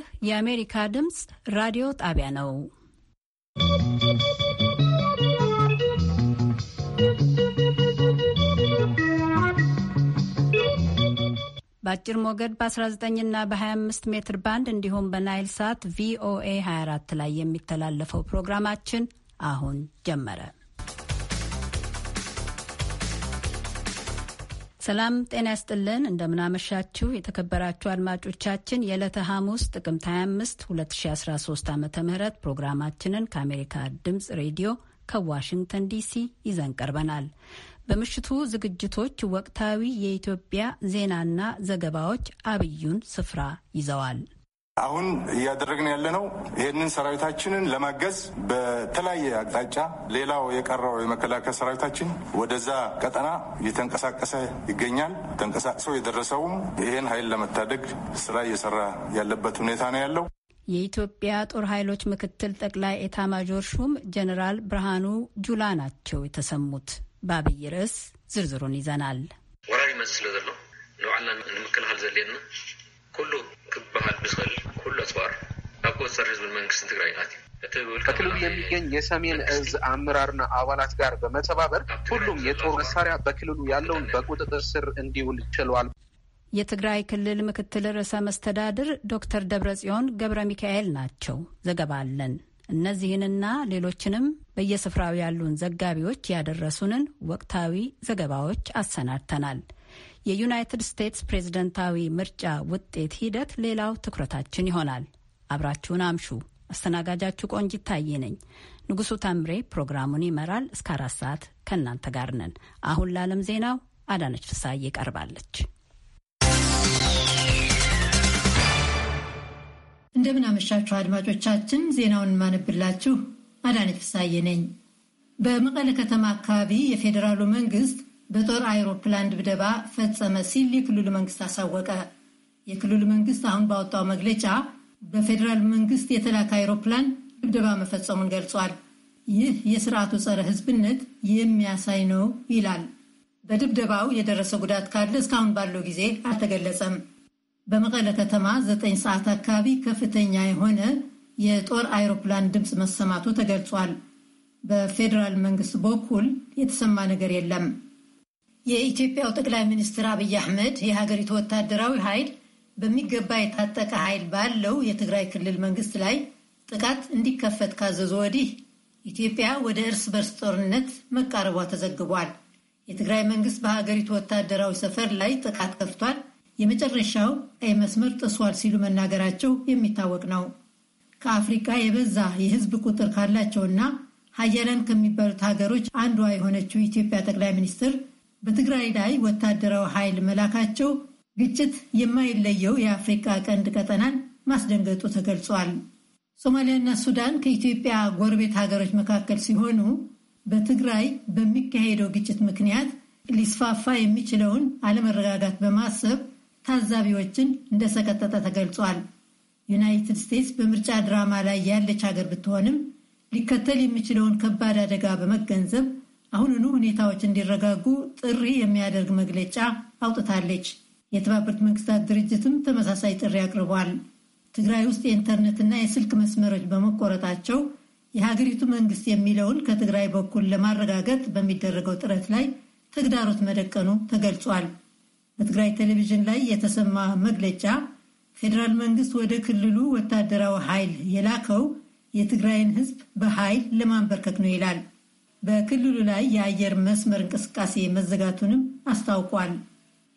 ይህ የአሜሪካ ድምፅ ራዲዮ ጣቢያ ነው። በአጭር ሞገድ በ19 እና በ25 ሜትር ባንድ እንዲሁም በናይል ሳት ቪኦኤ 24 ላይ የሚተላለፈው ፕሮግራማችን አሁን ጀመረ። ሰላም ጤና ያስጥልን እንደምናመሻችሁ የተከበራችሁ አድማጮቻችን የዕለተ ሐሙስ ጥቅምት 25 2013 ዓ ም ፕሮግራማችንን ከአሜሪካ ድምፅ ሬዲዮ ከዋሽንግተን ዲሲ ይዘን ቀርበናል። በምሽቱ ዝግጅቶች ወቅታዊ የኢትዮጵያ ዜናና ዘገባዎች አብዩን ስፍራ ይዘዋል። አሁን እያደረግን ያለነው ይህንን ሰራዊታችንን ለማገዝ በተለያየ አቅጣጫ ሌላው የቀረው የመከላከያ ሰራዊታችን ወደዛ ቀጠና እየተንቀሳቀሰ ይገኛል። ተንቀሳቅሰው የደረሰውም ይህን ኃይል ለመታደግ ስራ እየሰራ ያለበት ሁኔታ ነው ያለው። የኢትዮጵያ ጦር ኃይሎች ምክትል ጠቅላይ ኤታማዦር ሹም ጀኔራል ብርሃኑ ጁላ ናቸው የተሰሙት። በአብይ ርዕስ ዝርዝሩን ይዘናል። ወራሪ መስ ዘሎ ንባዕልና ንምክልኻል ኩሉ ክብሃል ብዝኽእል ኩሉ ኣፅዋር ኣብ ቁፅር ህዝብን መንግስትን ትግራይ ናት በክልሉ የሚገኝ የሰሜን እዝ አመራርና አባላት ጋር በመተባበር ሁሉም የጦር መሳሪያ በክልሉ ያለውን በቁጥጥር ስር እንዲውል ችሏል። የትግራይ ክልል ምክትል ርዕሰ መስተዳድር ዶክተር ደብረጽዮን ገብረ ሚካኤል ናቸው። ዘገባ አለን። እነዚህንና ሌሎችንም በየስፍራው ያሉን ዘጋቢዎች ያደረሱንን ወቅታዊ ዘገባዎች አሰናድተናል። የዩናይትድ ስቴትስ ፕሬዝደንታዊ ምርጫ ውጤት ሂደት ሌላው ትኩረታችን ይሆናል። አብራችሁን አምሹ። አስተናጋጃችሁ ቆንጂት ታዬ ነኝ። ንጉሱ ተምሬ ፕሮግራሙን ይመራል። እስከ አራት ሰዓት ከእናንተ ጋር ነን። አሁን ለዓለም ዜናው አዳነች ፍሳዬ ቀርባለች። እንደምናመሻችሁ አድማጮቻችን። ዜናውን ማነብላችሁ አዳነች ፍሳዬ ነኝ። በመቀለ ከተማ አካባቢ የፌዴራሉ መንግስት በጦር አይሮፕላን ድብደባ ፈጸመ ሲል የክልሉ መንግስት አሳወቀ። የክልሉ መንግስት አሁን ባወጣው መግለጫ በፌዴራል መንግስት የተላከ አይሮፕላን ድብደባ መፈጸሙን ገልጿል። ይህ የስርዓቱ ጸረ ህዝብነት የሚያሳይ ነው ይላል። በድብደባው የደረሰ ጉዳት ካለ እስካሁን ባለው ጊዜ አልተገለጸም። በመቀለ ከተማ ዘጠኝ ሰዓት አካባቢ ከፍተኛ የሆነ የጦር አይሮፕላን ድምፅ መሰማቱ ተገልጿል። በፌዴራል መንግስት በኩል የተሰማ ነገር የለም። የኢትዮጵያው ጠቅላይ ሚኒስትር አብይ አሕመድ የሀገሪቱ ወታደራዊ ኃይል በሚገባ የታጠቀ ኃይል ባለው የትግራይ ክልል መንግስት ላይ ጥቃት እንዲከፈት ካዘዙ ወዲህ ኢትዮጵያ ወደ እርስ በርስ ጦርነት መቃረቧ ተዘግቧል። የትግራይ መንግስት በሀገሪቱ ወታደራዊ ሰፈር ላይ ጥቃት ከፍቷል፣ የመጨረሻው ቀይ መስመር ጥሷል ሲሉ መናገራቸው የሚታወቅ ነው። ከአፍሪቃ የበዛ የህዝብ ቁጥር ካላቸውና ሀያላን ከሚባሉት ሀገሮች አንዷ የሆነችው ኢትዮጵያ ጠቅላይ ሚኒስትር በትግራይ ላይ ወታደራዊ ኃይል መላካቸው ግጭት የማይለየው የአፍሪካ ቀንድ ቀጠናን ማስደንገጡ ተገልጿል። ሶማሊያና ሱዳን ከኢትዮጵያ ጎረቤት ሀገሮች መካከል ሲሆኑ በትግራይ በሚካሄደው ግጭት ምክንያት ሊስፋፋ የሚችለውን አለመረጋጋት በማሰብ ታዛቢዎችን እንደሰቀጠጠ ተገልጿል። ዩናይትድ ስቴትስ በምርጫ ድራማ ላይ ያለች ሀገር ብትሆንም ሊከተል የሚችለውን ከባድ አደጋ በመገንዘብ አሁንኑ ሁኔታዎች እንዲረጋጉ ጥሪ የሚያደርግ መግለጫ አውጥታለች። የተባበሩት መንግስታት ድርጅትም ተመሳሳይ ጥሪ አቅርቧል። ትግራይ ውስጥ የኢንተርኔትና የስልክ መስመሮች በመቆረጣቸው የሀገሪቱ መንግስት የሚለውን ከትግራይ በኩል ለማረጋገጥ በሚደረገው ጥረት ላይ ተግዳሮት መደቀኑ ተገልጿል። በትግራይ ቴሌቪዥን ላይ የተሰማ መግለጫ ፌዴራል መንግስት ወደ ክልሉ ወታደራዊ ኃይል የላከው የትግራይን ሕዝብ በኃይል ለማንበርከክ ነው ይላል። በክልሉ ላይ የአየር መስመር እንቅስቃሴ መዘጋቱንም አስታውቋል።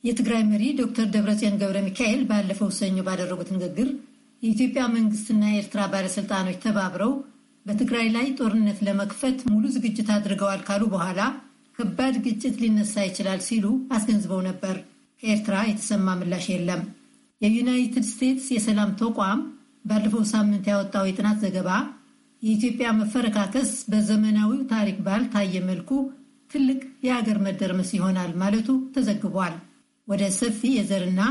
የትግራይ መሪ ዶክተር ደብረጽዮን ገብረ ሚካኤል ባለፈው ሰኞ ባደረጉት ንግግር የኢትዮጵያ መንግስትና የኤርትራ ባለስልጣኖች ተባብረው በትግራይ ላይ ጦርነት ለመክፈት ሙሉ ዝግጅት አድርገዋል ካሉ በኋላ ከባድ ግጭት ሊነሳ ይችላል ሲሉ አስገንዝበው ነበር። ከኤርትራ የተሰማ ምላሽ የለም። የዩናይትድ ስቴትስ የሰላም ተቋም ባለፈው ሳምንት ያወጣው የጥናት ዘገባ የኢትዮጵያ መፈረካከስ በዘመናዊው ታሪክ ባልታየ መልኩ ትልቅ የሀገር መደርመስ ይሆናል ማለቱ ተዘግቧል። ወደ ሰፊ የዘርና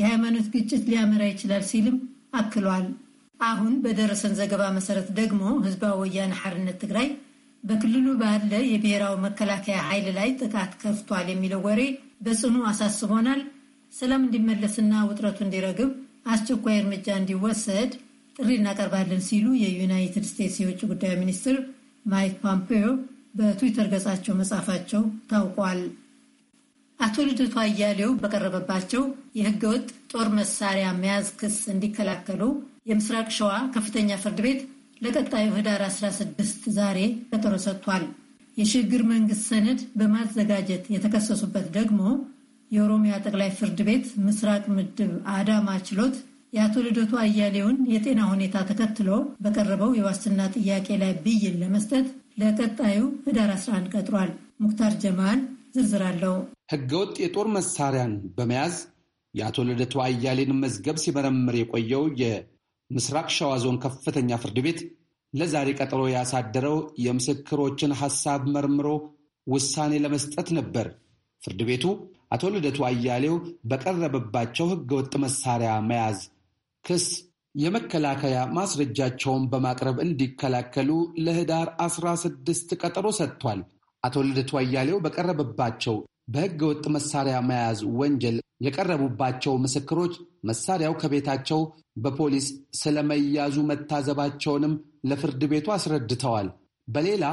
የሃይማኖት ግጭት ሊያመራ ይችላል ሲልም አክሏል። አሁን በደረሰን ዘገባ መሰረት ደግሞ ህዝባዊ ወያነ ሐርነት ትግራይ በክልሉ ባለ የብሔራዊ መከላከያ ኃይል ላይ ጥቃት ከፍቷል የሚለው ወሬ በጽኑ አሳስቦናል። ሰላም እንዲመለስና ውጥረቱ እንዲረግብ አስቸኳይ እርምጃ እንዲወሰድ ጥሪ እናቀርባለን ሲሉ የዩናይትድ ስቴትስ የውጭ ጉዳይ ሚኒስትር ማይክ ፖምፔዮ በትዊተር ገጻቸው መጻፋቸው ታውቋል። አቶ ልደቱ አያሌው በቀረበባቸው የሕገወጥ ጦር መሳሪያ መያዝ ክስ እንዲከላከሉ የምስራቅ ሸዋ ከፍተኛ ፍርድ ቤት ለቀጣዩ ህዳር 16 ዛሬ ቀጠሮ ሰጥቷል። የሽግግር መንግስት ሰነድ በማዘጋጀት የተከሰሱበት ደግሞ የኦሮሚያ ጠቅላይ ፍርድ ቤት ምስራቅ ምድብ አዳማ ችሎት የአቶ ልደቱ አያሌውን የጤና ሁኔታ ተከትሎ በቀረበው የዋስትና ጥያቄ ላይ ብይን ለመስጠት ለቀጣዩ ህዳር 11 ቀጥሯል። ሙክታር ጀማል ዝርዝር አለው። ህገወጥ የጦር መሳሪያን በመያዝ የአቶ ልደቱ አያሌን መዝገብ ሲመረምር የቆየው የምስራቅ ሸዋ ዞን ከፍተኛ ፍርድ ቤት ለዛሬ ቀጠሮ ያሳደረው የምስክሮችን ሐሳብ መርምሮ ውሳኔ ለመስጠት ነበር። ፍርድ ቤቱ አቶ ልደቱ አያሌው በቀረበባቸው ህገወጥ መሳሪያ መያዝ ክስ የመከላከያ ማስረጃቸውን በማቅረብ እንዲከላከሉ ለህዳር 16 ቀጠሮ ሰጥቷል። አቶ ልደቱ አያሌው በቀረበባቸው በሕገ ወጥ መሳሪያ መያዝ ወንጀል የቀረቡባቸው ምስክሮች መሳሪያው ከቤታቸው በፖሊስ ስለመያዙ መታዘባቸውንም ለፍርድ ቤቱ አስረድተዋል። በሌላ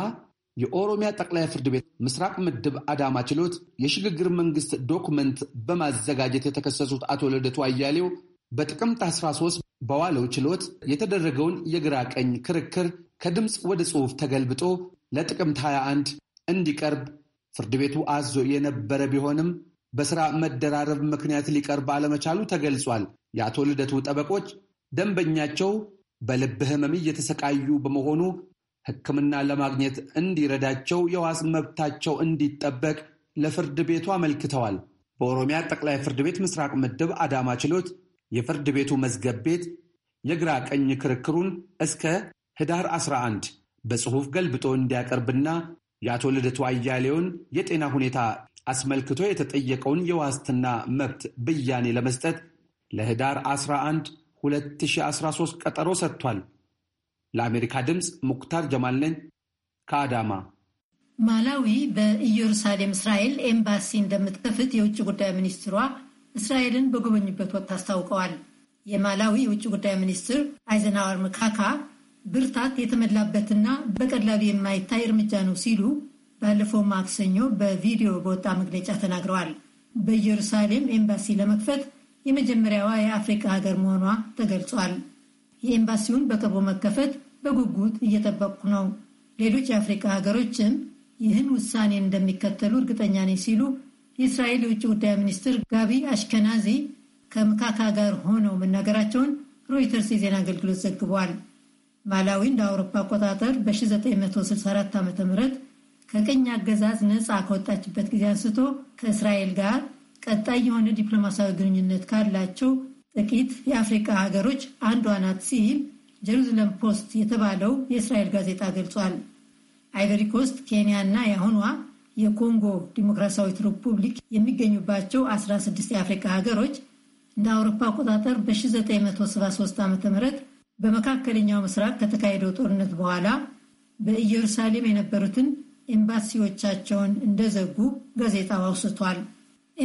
የኦሮሚያ ጠቅላይ ፍርድ ቤት ምስራቅ ምድብ አዳማ ችሎት የሽግግር መንግስት ዶክመንት በማዘጋጀት የተከሰሱት አቶ ልደቱ አያሌው በጥቅምት 13 በዋለው ችሎት የተደረገውን የግራ ቀኝ ክርክር ከድምፅ ወደ ጽሑፍ ተገልብጦ ለጥቅምት 21 እንዲቀርብ ፍርድ ቤቱ አዞ የነበረ ቢሆንም በሥራ መደራረብ ምክንያት ሊቀርብ አለመቻሉ ተገልጿል። የአቶ ልደቱ ጠበቆች ደንበኛቸው በልብ ሕመም እየተሰቃዩ በመሆኑ ሕክምና ለማግኘት እንዲረዳቸው የዋስ መብታቸው እንዲጠበቅ ለፍርድ ቤቱ አመልክተዋል። በኦሮሚያ ጠቅላይ ፍርድ ቤት ምስራቅ ምድብ አዳማ ችሎት የፍርድ ቤቱ መዝገብ ቤት የግራ ቀኝ ክርክሩን እስከ ህዳር 11 በጽሑፍ ገልብጦ እንዲያቀርብና የአቶ ልደቱ አያሌውን የጤና ሁኔታ አስመልክቶ የተጠየቀውን የዋስትና መብት ብያኔ ለመስጠት ለህዳር 11 2013 ቀጠሮ ሰጥቷል። ለአሜሪካ ድምፅ ሙክታር ጀማል ነኝ ከአዳማ። ማላዊ በኢየሩሳሌም እስራኤል ኤምባሲ እንደምትከፍት የውጭ ጉዳይ ሚኒስትሯ እስራኤልን በጎበኙበት ወቅት አስታውቀዋል። የማላዊ የውጭ ጉዳይ ሚኒስትር አይዘናዋር ምካካ ብርታት የተመላበትና በቀላሉ የማይታይ እርምጃ ነው ሲሉ ባለፈው ማክሰኞ በቪዲዮ በወጣ መግለጫ ተናግረዋል። በኢየሩሳሌም ኤምባሲ ለመክፈት የመጀመሪያዋ የአፍሪካ ሀገር መሆኗ ተገልጿል። የኤምባሲውን በቅርቡ መከፈት በጉጉት እየጠበቁ ነው። ሌሎች የአፍሪካ ሀገሮችም ይህን ውሳኔ እንደሚከተሉ እርግጠኛ ነኝ ሲሉ የእስራኤል የውጭ ጉዳይ ሚኒስትር ጋቢ አሽከናዚ ከምካካ ጋር ሆነው መናገራቸውን ሮይተርስ የዜና አገልግሎት ዘግቧል። ማላዊ እንደ አውሮፓ አቆጣጠር በ1964 ዓ ም ከቅኝ አገዛዝ ነፃ ከወጣችበት ጊዜ አንስቶ ከእስራኤል ጋር ቀጣይ የሆነ ዲፕሎማሲያዊ ግንኙነት ካላቸው ጥቂት የአፍሪካ ሀገሮች አንዷ ናት ሲል ጀሩዝለም ፖስት የተባለው የእስራኤል ጋዜጣ ገልጿል። አይቨሪ ኮስት፣ ኬንያ እና የአሁኗ የኮንጎ ዲሞክራሲያዊት ሪፑብሊክ የሚገኙባቸው 16 የአፍሪካ ሀገሮች እንደ አውሮፓ አቆጣጠር በ1973 ዓ ም በመካከለኛው ምስራቅ ከተካሄደው ጦርነት በኋላ በኢየሩሳሌም የነበሩትን ኤምባሲዎቻቸውን እንደዘጉ ጋዜጣው አውስቷል።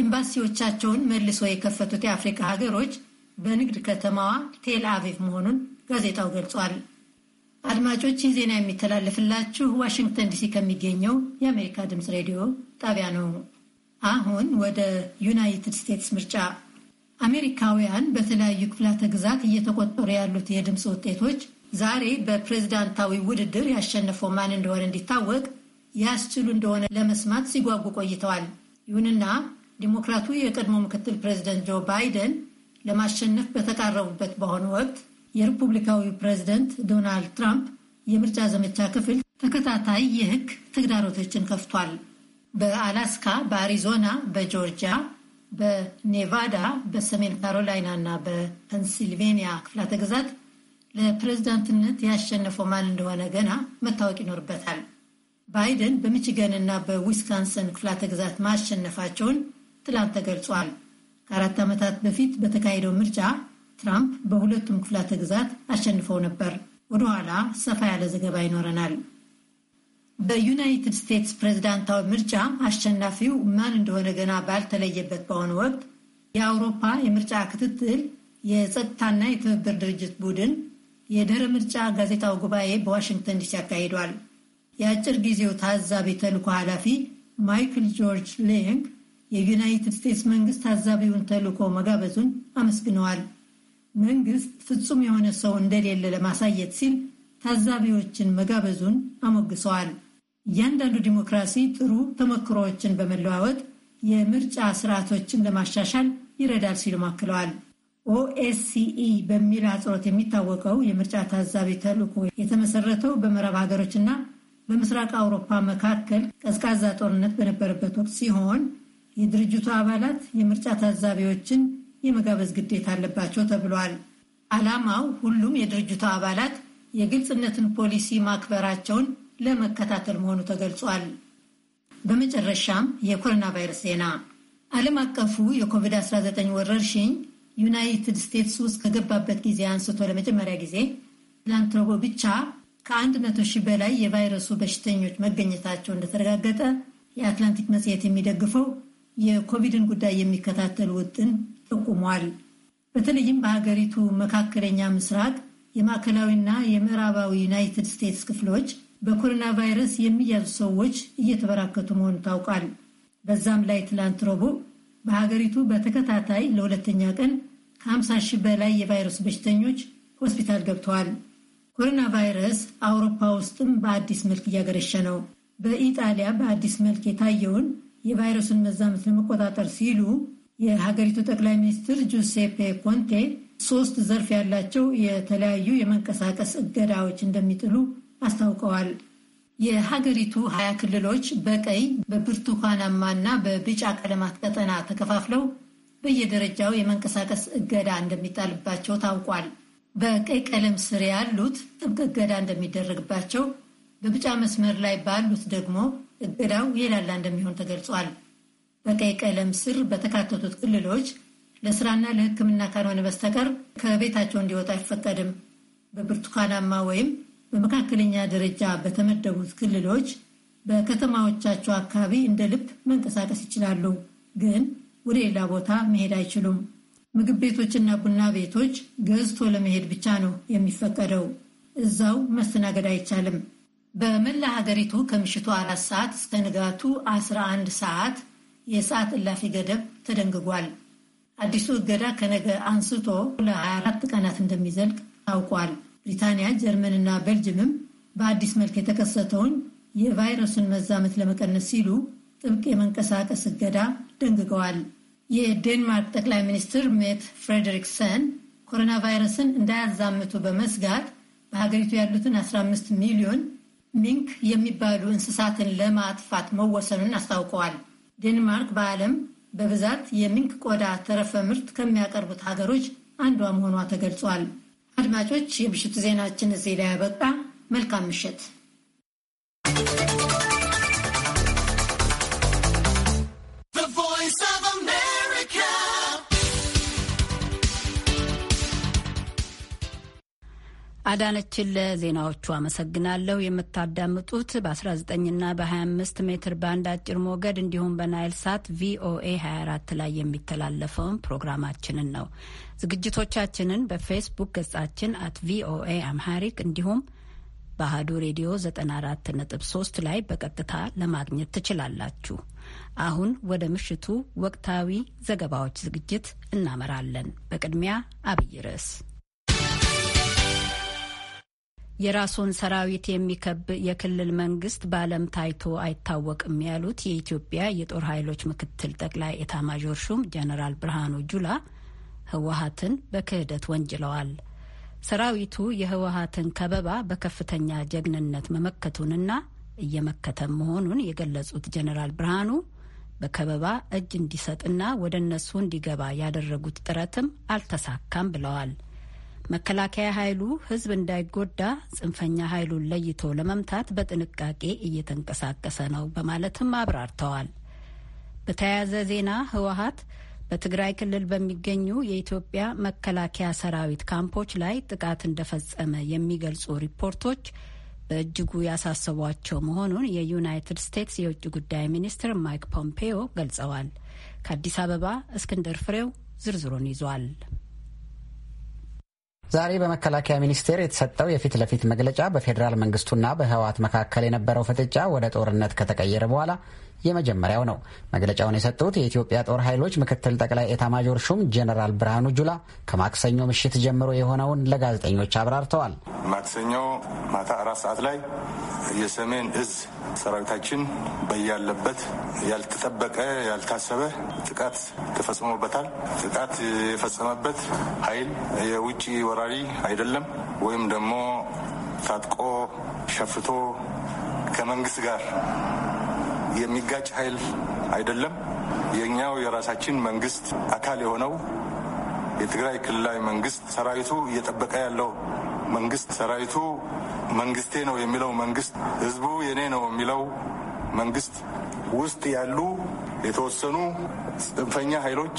ኤምባሲዎቻቸውን መልሶ የከፈቱት የአፍሪካ ሀገሮች በንግድ ከተማዋ ቴል አቪቭ መሆኑን ጋዜጣው ገልጿል። አድማጮች ይህ ዜና የሚተላለፍላችሁ ዋሽንግተን ዲሲ ከሚገኘው የአሜሪካ ድምፅ ሬዲዮ ጣቢያ ነው። አሁን ወደ ዩናይትድ ስቴትስ ምርጫ። አሜሪካውያን በተለያዩ ክፍላተ ግዛት እየተቆጠሩ ያሉት የድምፅ ውጤቶች ዛሬ በፕሬዝዳንታዊ ውድድር ያሸነፈው ማን እንደሆነ እንዲታወቅ ያስችሉ እንደሆነ ለመስማት ሲጓጉ ቆይተዋል። ይሁንና ዲሞክራቱ የቀድሞ ምክትል ፕሬዝደንት ጆ ባይደን ለማሸነፍ በተቃረቡበት በአሁኑ ወቅት የሪፑብሊካዊ ፕሬዚደንት ዶናልድ ትራምፕ የምርጫ ዘመቻ ክፍል ተከታታይ የህግ ተግዳሮቶችን ከፍቷል። በአላስካ፣ በአሪዞና፣ በጆርጂያ፣ በኔቫዳ፣ በሰሜን ካሮላይና እና በፔንሲልቬኒያ ክፍላተ ግዛት ለፕሬዚዳንትነት ያሸነፈው ማን እንደሆነ ገና መታወቅ ይኖርበታል። ባይደን በሚችገን እና በዊስካንሰን ክፍላተ ግዛት ማሸነፋቸውን ትላንት ተገልጿል። ከአራት ዓመታት በፊት በተካሄደው ምርጫ ትራምፕ በሁለቱም ክፍላተ ግዛት አሸንፈው ነበር። ኋላ ሰፋ ያለ ዘገባ ይኖረናል። በዩናይትድ ስቴትስ ፕሬዝዳንታዊ ምርጫ አሸናፊው ማን እንደሆነ ገና ባልተለየበት በአሁኑ ወቅት የአውሮፓ የምርጫ ክትትል የጸጥታና የትብብር ድርጅት ቡድን የድህረ ምርጫ ጋዜጣው ጉባኤ በዋሽንግተን ዲሲ አካሂዷል። የአጭር ጊዜው ታዛቢ ተልእኮ ኃላፊ ማይክል ጆርጅ ሌንግ የዩናይትድ ስቴትስ መንግስት ታዛቢውን ተልእኮ መጋበዙን አመስግነዋል። መንግስት ፍጹም የሆነ ሰው እንደሌለ ለማሳየት ሲል ታዛቢዎችን መጋበዙን አሞግሰዋል። እያንዳንዱ ዲሞክራሲ ጥሩ ተሞክሮዎችን በመለዋወጥ የምርጫ ስርዓቶችን ለማሻሻል ይረዳል ሲሉ አክለዋል። ኦኤስሲኢ በሚል አጽሮት የሚታወቀው የምርጫ ታዛቢ ተልእኮ የተመሰረተው በምዕራብ ሀገሮችና በምስራቅ አውሮፓ መካከል ቀዝቃዛ ጦርነት በነበረበት ወቅት ሲሆን የድርጅቱ አባላት የምርጫ ታዛቢዎችን የመጋበዝ ግዴታ አለባቸው ተብሏል። ዓላማው ሁሉም የድርጅቱ አባላት የግልጽነትን ፖሊሲ ማክበራቸውን ለመከታተል መሆኑ ተገልጿል። በመጨረሻም የኮሮና ቫይረስ ዜና። ዓለም አቀፉ የኮቪድ-19 ወረርሽኝ ዩናይትድ ስቴትስ ውስጥ ከገባበት ጊዜ አንስቶ ለመጀመሪያ ጊዜ ትላንት ረቡዕ ብቻ ከአንድ መቶ ሺህ በላይ የቫይረሱ በሽተኞች መገኘታቸው እንደተረጋገጠ የአትላንቲክ መጽሔት የሚደግፈው የኮቪድን ጉዳይ የሚከታተል ውጥን ጠቁሟል። በተለይም በሀገሪቱ መካከለኛ ምስራቅ የማዕከላዊና የምዕራባዊ ዩናይትድ ስቴትስ ክፍሎች በኮሮና ቫይረስ የሚያዙ ሰዎች እየተበራከቱ መሆኑ ታውቋል። በዛም ላይ ትላንት ረቡዕ በሀገሪቱ በተከታታይ ለሁለተኛ ቀን ከ50 ሺህ በላይ የቫይረስ በሽተኞች ሆስፒታል ገብተዋል። ኮሮና ቫይረስ አውሮፓ ውስጥም በአዲስ መልክ እያገረሸ ነው። በኢጣሊያ በአዲስ መልክ የታየውን የቫይረሱን መዛመት ለመቆጣጠር ሲሉ የሀገሪቱ ጠቅላይ ሚኒስትር ጁሴፔ ኮንቴ ሶስት ዘርፍ ያላቸው የተለያዩ የመንቀሳቀስ እገዳዎች እንደሚጥሉ አስታውቀዋል። የሀገሪቱ ሀያ ክልሎች በቀይ በብርቱካናማ እና በቢጫ ቀለማት ቀጠና ተከፋፍለው በየደረጃው የመንቀሳቀስ እገዳ እንደሚጣልባቸው ታውቋል። በቀይ ቀለም ስር ያሉት ጥብቅ እገዳ እንደሚደረግባቸው፣ በቢጫ መስመር ላይ ባሉት ደግሞ እገዳው የላላ እንደሚሆን ተገልጿል። በቀይ ቀለም ስር በተካተቱት ክልሎች ለስራና ለሕክምና ካልሆነ በስተቀር ከቤታቸው እንዲወጡ አይፈቀድም። በብርቱካናማ ወይም በመካከለኛ ደረጃ በተመደቡት ክልሎች በከተማዎቻቸው አካባቢ እንደ ልብ መንቀሳቀስ ይችላሉ፣ ግን ወደ ሌላ ቦታ መሄድ አይችሉም። ምግብ ቤቶችና ቡና ቤቶች ገዝቶ ለመሄድ ብቻ ነው የሚፈቀደው። እዛው መስተናገድ አይቻልም። በመላ ሀገሪቱ ከምሽቱ አራት ሰዓት እስከ ንጋቱ አንድ ሰዓት የሰዓት እላፊ ገደብ ተደንግጓል። አዲሱ እገዳ ከነገ አንስቶ ለ24 ቀናት እንደሚዘልቅ ታውቋል። ብሪታንያ፣ ጀርመንና ቤልጅምም በአዲስ መልክ የተከሰተውን የቫይረሱን መዛመት ለመቀነስ ሲሉ ጥብቅ የመንቀሳቀስ እገዳ ደንግገዋል። የዴንማርክ ጠቅላይ ሚኒስትር ሜት ፍሬድሪክሰን ኮሮና ቫይረስን እንዳያዛምቱ በመስጋት በሀገሪቱ ያሉትን 15 ሚሊዮን ሚንክ የሚባሉ እንስሳትን ለማጥፋት መወሰኑን አስታውቀዋል። ዴንማርክ በዓለም በብዛት የሚንክ ቆዳ ተረፈ ምርት ከሚያቀርቡት ሀገሮች አንዷ መሆኗ ተገልጿል። አድማጮች፣ የምሽቱ ዜናችን እዚህ ላይ ያበቃ። መልካም ምሽት። አዳነችን ለዜናዎቹ አመሰግናለሁ። የምታዳምጡት በ19ና በ25 ሜትር ባንድ አጭር ሞገድ እንዲሁም በናይል ሳት ቪኦኤ 24 ላይ የሚተላለፈውን ፕሮግራማችንን ነው። ዝግጅቶቻችንን በፌስቡክ ገጻችን አት ቪኦኤ አምሃሪክ እንዲሁም በአህዱ ሬዲዮ 94.3 ላይ በቀጥታ ለማግኘት ትችላላችሁ። አሁን ወደ ምሽቱ ወቅታዊ ዘገባዎች ዝግጅት እናመራለን። በቅድሚያ አብይ ርዕስ የራሱን ሰራዊት የሚከብ የክልል መንግስት በዓለም ታይቶ አይታወቅም ያሉት የኢትዮጵያ የጦር ኃይሎች ምክትል ጠቅላይ ኤታማዦር ሹም ጀነራል ብርሃኑ ጁላ ህወሀትን በክህደት ወንጅለዋል። ሰራዊቱ የህወሀትን ከበባ በከፍተኛ ጀግንነት መመከቱንና እየመከተ መሆኑን የገለጹት ጀነራል ብርሃኑ በከበባ እጅ እንዲሰጥና ወደ እነሱ እንዲገባ ያደረጉት ጥረትም አልተሳካም ብለዋል። መከላከያ ኃይሉ ሕዝብ እንዳይጎዳ ጽንፈኛ ኃይሉን ለይቶ ለመምታት በጥንቃቄ እየተንቀሳቀሰ ነው በማለትም አብራርተዋል። በተያያዘ ዜና ህወሀት በትግራይ ክልል በሚገኙ የኢትዮጵያ መከላከያ ሰራዊት ካምፖች ላይ ጥቃት እንደፈጸመ የሚገልጹ ሪፖርቶች በእጅጉ ያሳሰቧቸው መሆኑን የዩናይትድ ስቴትስ የውጭ ጉዳይ ሚኒስትር ማይክ ፖምፔዮ ገልጸዋል። ከአዲስ አበባ እስክንድር ፍሬው ዝርዝሩን ይዟል። ዛሬ በመከላከያ ሚኒስቴር የተሰጠው የፊት ለፊት መግለጫ በፌዴራል መንግስቱና በህወሓት መካከል የነበረው ፍጥጫ ወደ ጦርነት ከተቀየረ በኋላ የመጀመሪያው ነው። መግለጫውን የሰጡት የኢትዮጵያ ጦር ኃይሎች ምክትል ጠቅላይ ኤታማዦር ሹም ጀነራል ብርሃኑ ጁላ ከማክሰኞ ምሽት ጀምሮ የሆነውን ለጋዜጠኞች አብራርተዋል። ማክሰኞ ማታ አራት ሰዓት ላይ የሰሜን እዝ ሰራዊታችን በያለበት ያልተጠበቀ ያልታሰበ ጥቃት ተፈጽሞበታል። ጥቃት የፈጸመበት ኃይል የውጭ ወራሪ አይደለም ወይም ደግሞ ታጥቆ ሸፍቶ ከመንግስት ጋር የሚጋጭ ኃይል አይደለም። የእኛው የራሳችን መንግስት አካል የሆነው የትግራይ ክልላዊ መንግስት ሰራዊቱ እየጠበቀ ያለው መንግስት ሰራዊቱ መንግስቴ ነው የሚለው መንግስት ህዝቡ የኔ ነው የሚለው መንግስት ውስጥ ያሉ የተወሰኑ ጽንፈኛ ኃይሎች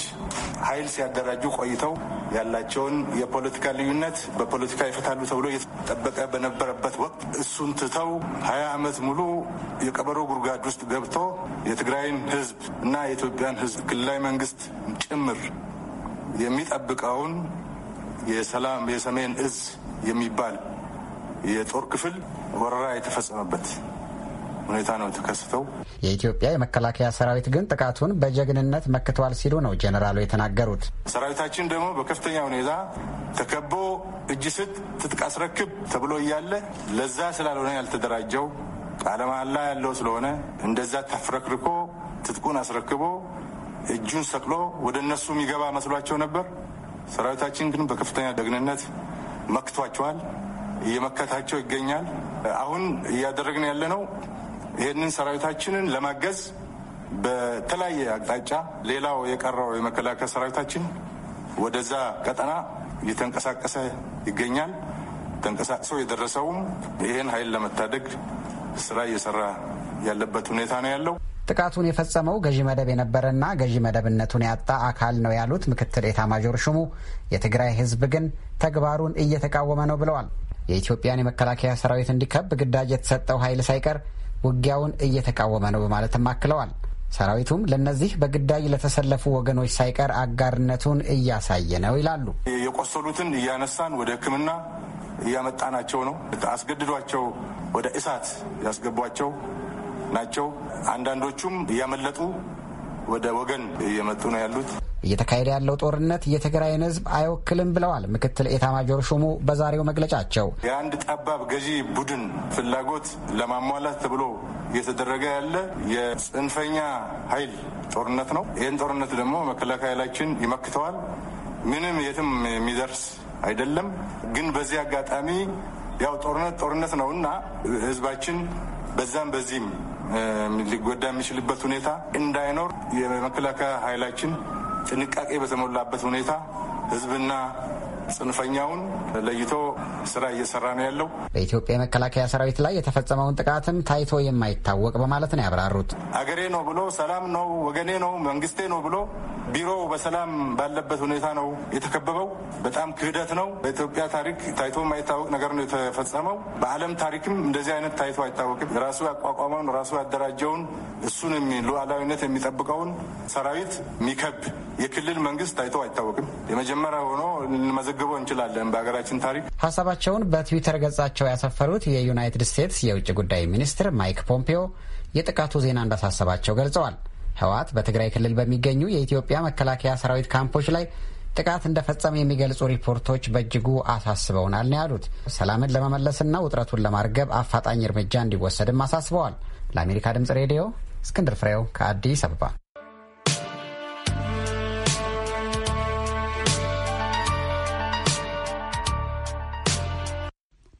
ኃይል ሲያደራጁ ቆይተው ያላቸውን የፖለቲካ ልዩነት በፖለቲካ ይፈታሉ ተብሎ እየተጠበቀ በነበረበት ወቅት እሱን ትተው ሀያ ዓመት ሙሉ የቀበሮ ጉድጓድ ውስጥ ገብቶ የትግራይን ህዝብ እና የኢትዮጵያን ህዝብ ክልላዊ መንግስት ጭምር የሚጠብቀውን የሰላም የሰሜን እዝ የሚባል የጦር ክፍል ወረራ የተፈጸመበት ሁኔታ ነው የተከሰተው። የኢትዮጵያ የመከላከያ ሰራዊት ግን ጥቃቱን በጀግንነት መክተዋል ሲሉ ነው ጄኔራሉ የተናገሩት። ሰራዊታችን ደግሞ በከፍተኛ ሁኔታ ተከቦ እጅ ስጥ ትጥቅ አስረክብ ተብሎ እያለ ለዛ ስላልሆነ ያልተደራጀው አለማላ ያለው ስለሆነ እንደዛ ተፍረክርኮ ትጥቁን አስረክቦ እጁን ሰቅሎ ወደ እነሱ የሚገባ መስሏቸው ነበር። ሰራዊታችን ግን በከፍተኛ ደግንነት መክቷቸዋል፣ እየመከታቸው ይገኛል። አሁን እያደረግን ያለነው ይህንን ሰራዊታችንን ለማገዝ በተለያየ አቅጣጫ ሌላው የቀረው የመከላከያ ሰራዊታችን ወደዛ ቀጠና እየተንቀሳቀሰ ይገኛል። ተንቀሳቅሶ የደረሰውም ይህን ኃይል ለመታደግ ስራ እየሰራ ያለበት ሁኔታ ነው ያለው። ጥቃቱን የፈጸመው ገዢ መደብ የነበረና ገዢ መደብነቱን ያጣ አካል ነው ያሉት ምክትል ኤታማዦር ሹሙ፣ የትግራይ ህዝብ ግን ተግባሩን እየተቃወመ ነው ብለዋል። የኢትዮጵያን የመከላከያ ሰራዊት እንዲከብ ግዳጅ የተሰጠው ኃይል ሳይቀር ውጊያውን እየተቃወመ ነው በማለትም አክለዋል። ሰራዊቱም ለእነዚህ በግዳጅ ለተሰለፉ ወገኖች ሳይቀር አጋርነቱን እያሳየ ነው ይላሉ። የቆሰሉትን እያነሳን ወደ ሕክምና እያመጣናቸው ነው። አስገድዷቸው ወደ እሳት ያስገቧቸው ናቸው። አንዳንዶቹም እያመለጡ ወደ ወገን እየመጡ ነው ያሉት። እየተካሄደ ያለው ጦርነት የትግራይን ህዝብ አይወክልም ብለዋል ምክትል ኤታማጆር ሹሙ በዛሬው መግለጫቸው። የአንድ ጠባብ ገዢ ቡድን ፍላጎት ለማሟላት ተብሎ እየተደረገ ያለ የጽንፈኛ ኃይል ጦርነት ነው። ይህን ጦርነት ደግሞ መከላከያ ኃይላችን ይመክተዋል። ምንም የትም የሚደርስ አይደለም። ግን በዚህ አጋጣሚ ያው ጦርነት ጦርነት ነው እና ህዝባችን በዛም በዚህም ሊጎዳ የሚችልበት ሁኔታ እንዳይኖር የመከላከያ ኃይላችን ጥንቃቄ በተሞላበት ሁኔታ ህዝብና ጽንፈኛውን ለይቶ ስራ እየሰራ ነው ያለው። በኢትዮጵያ የመከላከያ ሰራዊት ላይ የተፈጸመውን ጥቃትም ታይቶ የማይታወቅ በማለት ነው ያብራሩት። አገሬ ነው ብሎ ሰላም ነው ወገኔ ነው መንግስቴ ነው ብሎ ቢሮው በሰላም ባለበት ሁኔታ ነው የተከበበው። በጣም ክህደት ነው። በኢትዮጵያ ታሪክ ታይቶ የማይታወቅ ነገር ነው የተፈጸመው። በዓለም ታሪክም እንደዚህ አይነት ታይቶ አይታወቅም። ራሱ ያቋቋመውን ራሱ ያደራጀውን እሱን ሉዓላዊነት የሚጠብቀውን ሰራዊት የሚከብ የክልል መንግስት ታይቶ አይታወቅም። የመጀመሪያ ሆኖ ልንዘግበው እንችላለን በሀገራችን ታሪክ። ሀሳባቸውን በትዊተር ገጻቸው ያሰፈሩት የዩናይትድ ስቴትስ የውጭ ጉዳይ ሚኒስትር ማይክ ፖምፔዮ የጥቃቱ ዜና እንዳሳሰባቸው ገልጸዋል። ህወሓት በትግራይ ክልል በሚገኙ የኢትዮጵያ መከላከያ ሰራዊት ካምፖች ላይ ጥቃት እንደፈጸመ የሚገልጹ ሪፖርቶች በእጅጉ አሳስበውናል ነው ያሉት። ሰላምን ለመመለስና ውጥረቱን ለማርገብ አፋጣኝ እርምጃ እንዲወሰድም አሳስበዋል። ለአሜሪካ ድምጽ ሬዲዮ እስክንድር ፍሬው ከአዲስ አበባ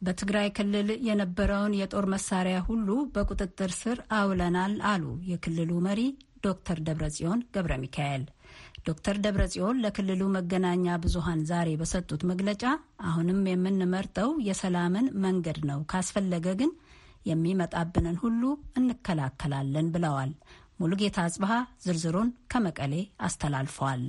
በትግራይ ክልል የነበረውን የጦር መሳሪያ ሁሉ በቁጥጥር ስር አውለናል አሉ የክልሉ መሪ ዶክተር ደብረጽዮን ገብረ ሚካኤል። ዶክተር ደብረጽዮን ለክልሉ መገናኛ ብዙሃን ዛሬ በሰጡት መግለጫ አሁንም የምንመርጠው የሰላምን መንገድ ነው፣ ካስፈለገ ግን የሚመጣብንን ሁሉ እንከላከላለን ብለዋል። ሙሉጌታ አጽብሃ ዝርዝሩን ከመቀሌ አስተላልፈዋል።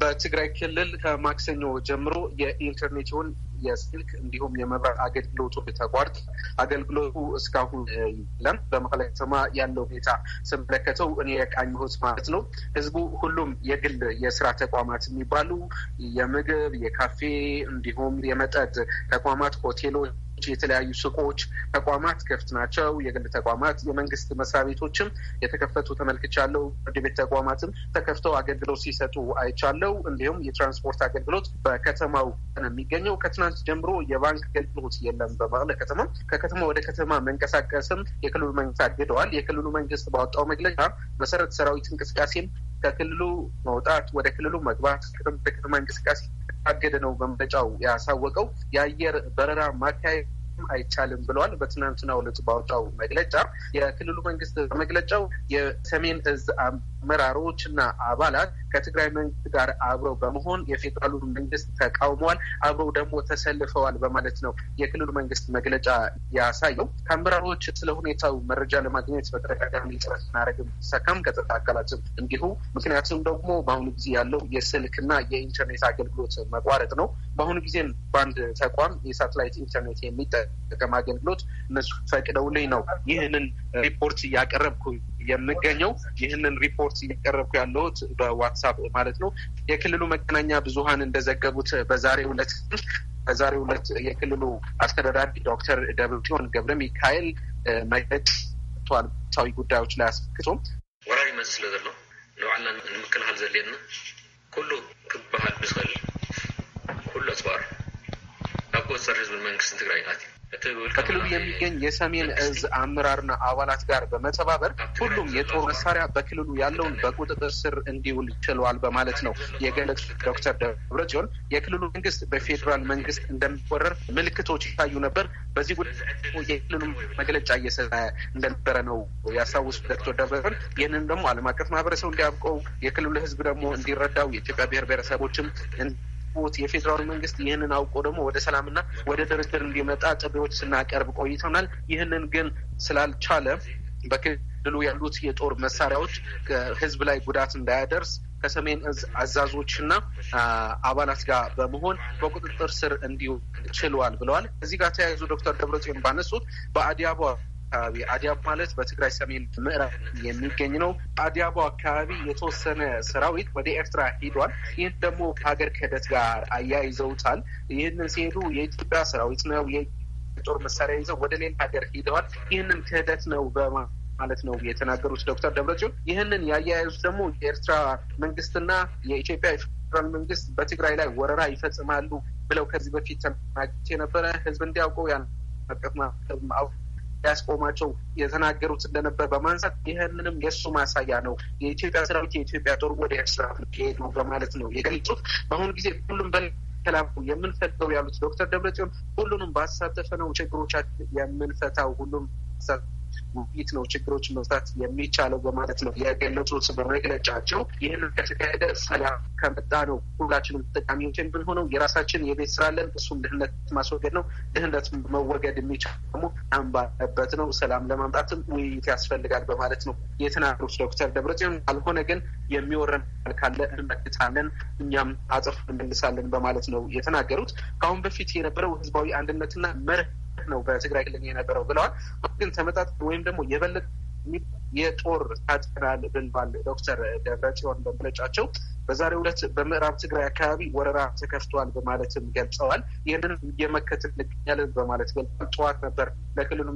በትግራይ ክልል ከማክሰኞ ጀምሮ የኢንተርኔት ይሁን የስልክ እንዲሁም የመብራት አገልግሎቱ ተቋርጦ አገልግሎቱ እስካሁን የለም። በመቀለ ከተማ ያለው ሁኔታ ስመለከተው እኔ የቃኘሁት ማለት ነው። ህዝቡ ሁሉም የግል የስራ ተቋማት የሚባሉ የምግብ፣ የካፌ እንዲሁም የመጠጥ ተቋማት ሆቴሎች የተለያዩ ሱቆች፣ ተቋማት ክፍት ናቸው። የግል ተቋማት፣ የመንግስት መስሪያ ቤቶችም የተከፈቱ ተመልክቻለሁ። ፍርድ ቤት ተቋማትም ተከፍተው አገልግሎት ሲሰጡ አይቻለሁ። እንዲሁም የትራንስፖርት አገልግሎት በከተማው ነው የሚገኘው። ከትናንት ጀምሮ የባንክ አገልግሎት የለም በመቀለ ከተማ። ከከተማ ወደ ከተማ መንቀሳቀስም የክልሉ መንግስት አግደዋል። የክልሉ መንግስት ባወጣው መግለጫ መሰረት ሰራዊት እንቅስቃሴም ከክልሉ መውጣት ወደ ክልሉ መግባት ከተማ እንቅስቃሴ ታገደ ነው መመጫው ያሳወቀው። የአየር በረራ ማካሄድ አይቻልም ብለዋል። በትናንትናው ዕለት ባወጣው መግለጫ የክልሉ መንግስት መግለጫው የሰሜን እዝ አመራሮች እና አባላት ከትግራይ መንግስት ጋር አብረው በመሆን የፌዴራሉ መንግስት ተቃውመዋል፣ አብረው ደግሞ ተሰልፈዋል በማለት ነው የክልሉ መንግስት መግለጫ ያሳየው። ከአመራሮች ስለ ሁኔታው መረጃ ለማግኘት በተደጋጋሚ ጥረት ስናደርግም ሰከም ከጸጥታ አካላትም እንዲሁ። ምክንያቱም ደግሞ በአሁኑ ጊዜ ያለው የስልክና የኢንተርኔት አገልግሎት መቋረጥ ነው። በአሁኑ ጊዜም በአንድ ተቋም የሳተላይት ኢንተርኔት የሚጠቀም አገልግሎት እነሱ ፈቅደውልኝ ነው ይህንን ሪፖርት እያቀረብኩ የምገኘው። ይህንን ሪፖርት እያቀረብኩ ያለሁት በዋትሳፕ ማለት ነው። የክልሉ መገናኛ ብዙኃን እንደዘገቡት በዛሬው ዕለት በዛሬው ዕለት የክልሉ አስተዳዳሪ ዶክተር ደብረጽዮን ገብረ ሚካኤል መግለጫ ሰጥተዋል። ወቅታዊ ጉዳዮች ላይ አስመልክቶም ወራሪ መስ ዘሎ ንባዕልና ንምክልኻል ዘድልየና ኩሉ ክበሃል ብዝኽእል ኩሉ ኣፅባር ኣብ ቁፅር ህዝብን መንግስትን ትግራይ ናት ከክልሉ የሚገኝ የሰሜን እዝ አመራርና አባላት ጋር በመተባበር ሁሉም የጦር መሳሪያ በክልሉ ያለውን በቁጥጥር ስር እንዲውል ችሏል በማለት ነው የገለጹት ዶክተር ደብረ ደብረጽዮን። የክልሉ መንግስት በፌዴራል መንግስት እንደሚወረር ምልክቶች ይታዩ ነበር። በዚህ ጉዳይ የክልሉ መግለጫ እየሰጠ እንደነበረ ነው ያስታውሱት ዶክተር ደብረ ደብረጽዮን። ይህንን ደግሞ ዓለም አቀፍ ማህበረሰቡ እንዲያውቀው፣ የክልሉ ህዝብ ደግሞ እንዲረዳው የኢትዮጵያ ብሔር ብሔረሰቦችም የሚያስቡት የፌዴራል መንግስት ይህንን አውቆ ደግሞ ወደ ሰላምና ወደ ድርድር እንዲመጣ ጥሪዎች ስናቀርብ ቆይተናል። ይህንን ግን ስላልቻለ በክልሉ ያሉት የጦር መሳሪያዎች ህዝብ ላይ ጉዳት እንዳያደርስ ከሰሜን እዝ አዛዞችና አባላት ጋር በመሆን በቁጥጥር ስር እንዲችሏል ብለዋል። እዚህ ጋር ተያይዞ ዶክተር ደብረጽዮን ባነሱት አበባ። አካባቢ አዲያቦ ማለት በትግራይ ሰሜን ምዕራብ የሚገኝ ነው። አዲያቦ አካባቢ የተወሰነ ሰራዊት ወደ ኤርትራ ሂዷል። ይህን ደግሞ ከሀገር ክህደት ጋር አያይዘውታል። ይህንን ሲሄዱ የኢትዮጵያ ሰራዊት ነው የጦር መሳሪያ ይዘው ወደ ሌላ ሀገር ሂደዋል። ይህንን ክህደት ነው በማ ማለት ነው የተናገሩት ዶክተር ደብረጽዮን። ይህንን ያያያዙት ደግሞ የኤርትራ መንግስትና የኢትዮጵያ የፌዴራል መንግስት በትግራይ ላይ ወረራ ይፈጽማሉ ብለው ከዚህ በፊት ተናግቼ የነበረ ህዝብ እንዲያውቀው ያን አቀፍ ያስቆማቸው የተናገሩት እንደነበር በማንሳት ይህንንም የእሱ ማሳያ ነው፣ የኢትዮጵያ ሰራዊት የኢትዮጵያ ጦር ወደ ኤርትራ ሄዱ በማለት ነው የገለጹት። በአሁኑ ጊዜ ሁሉም በ ተላቁ የምንፈልገው ያሉት ዶክተር ደብረጽዮን ሁሉንም ባሳተፈ ነው ችግሮቻችን የምንፈታው ሁሉም ውይይት ነው ችግሮችን መፍታት የሚቻለው በማለት ነው የገለጹት በመግለጫቸው። ይህን ከተካሄደ ሰላም ከመጣ ነው ሁላችንም ተጠቃሚዎች የምንሆነው። የራሳችን የቤት ስራ አለን። እሱም ድህነት ማስወገድ ነው። ድህነት መወገድ የሚቻል ደግሞ አንባበት ነው። ሰላም ለማምጣትም ውይይት ያስፈልጋል በማለት ነው የተናገሩት ዶክተር ደብረጽዮን። ካልሆነ ግን የሚወረን ካለ እንመልሳለን፣ እኛም አጽፍ እንመልሳለን በማለት ነው የተናገሩት። ከአሁን በፊት የነበረው ህዝባዊ አንድነትና መርህ ነው በትግራይ ክልል የነበረው ብለዋል። ግን ተመጣጣኝ ወይም ደግሞ የበለጠ የጦር ታጥቀናል ብንባል ዶክተር ደብረጽዮን በመግለጫቸው። በዛሬ ዕለት በምዕራብ ትግራይ አካባቢ ወረራ ተከፍቷል በማለትም ገልጸዋል። ይህንን እየመከትን እንገኛለን በማለት ገልጸዋል። ጠዋት ነበር ለክልሉ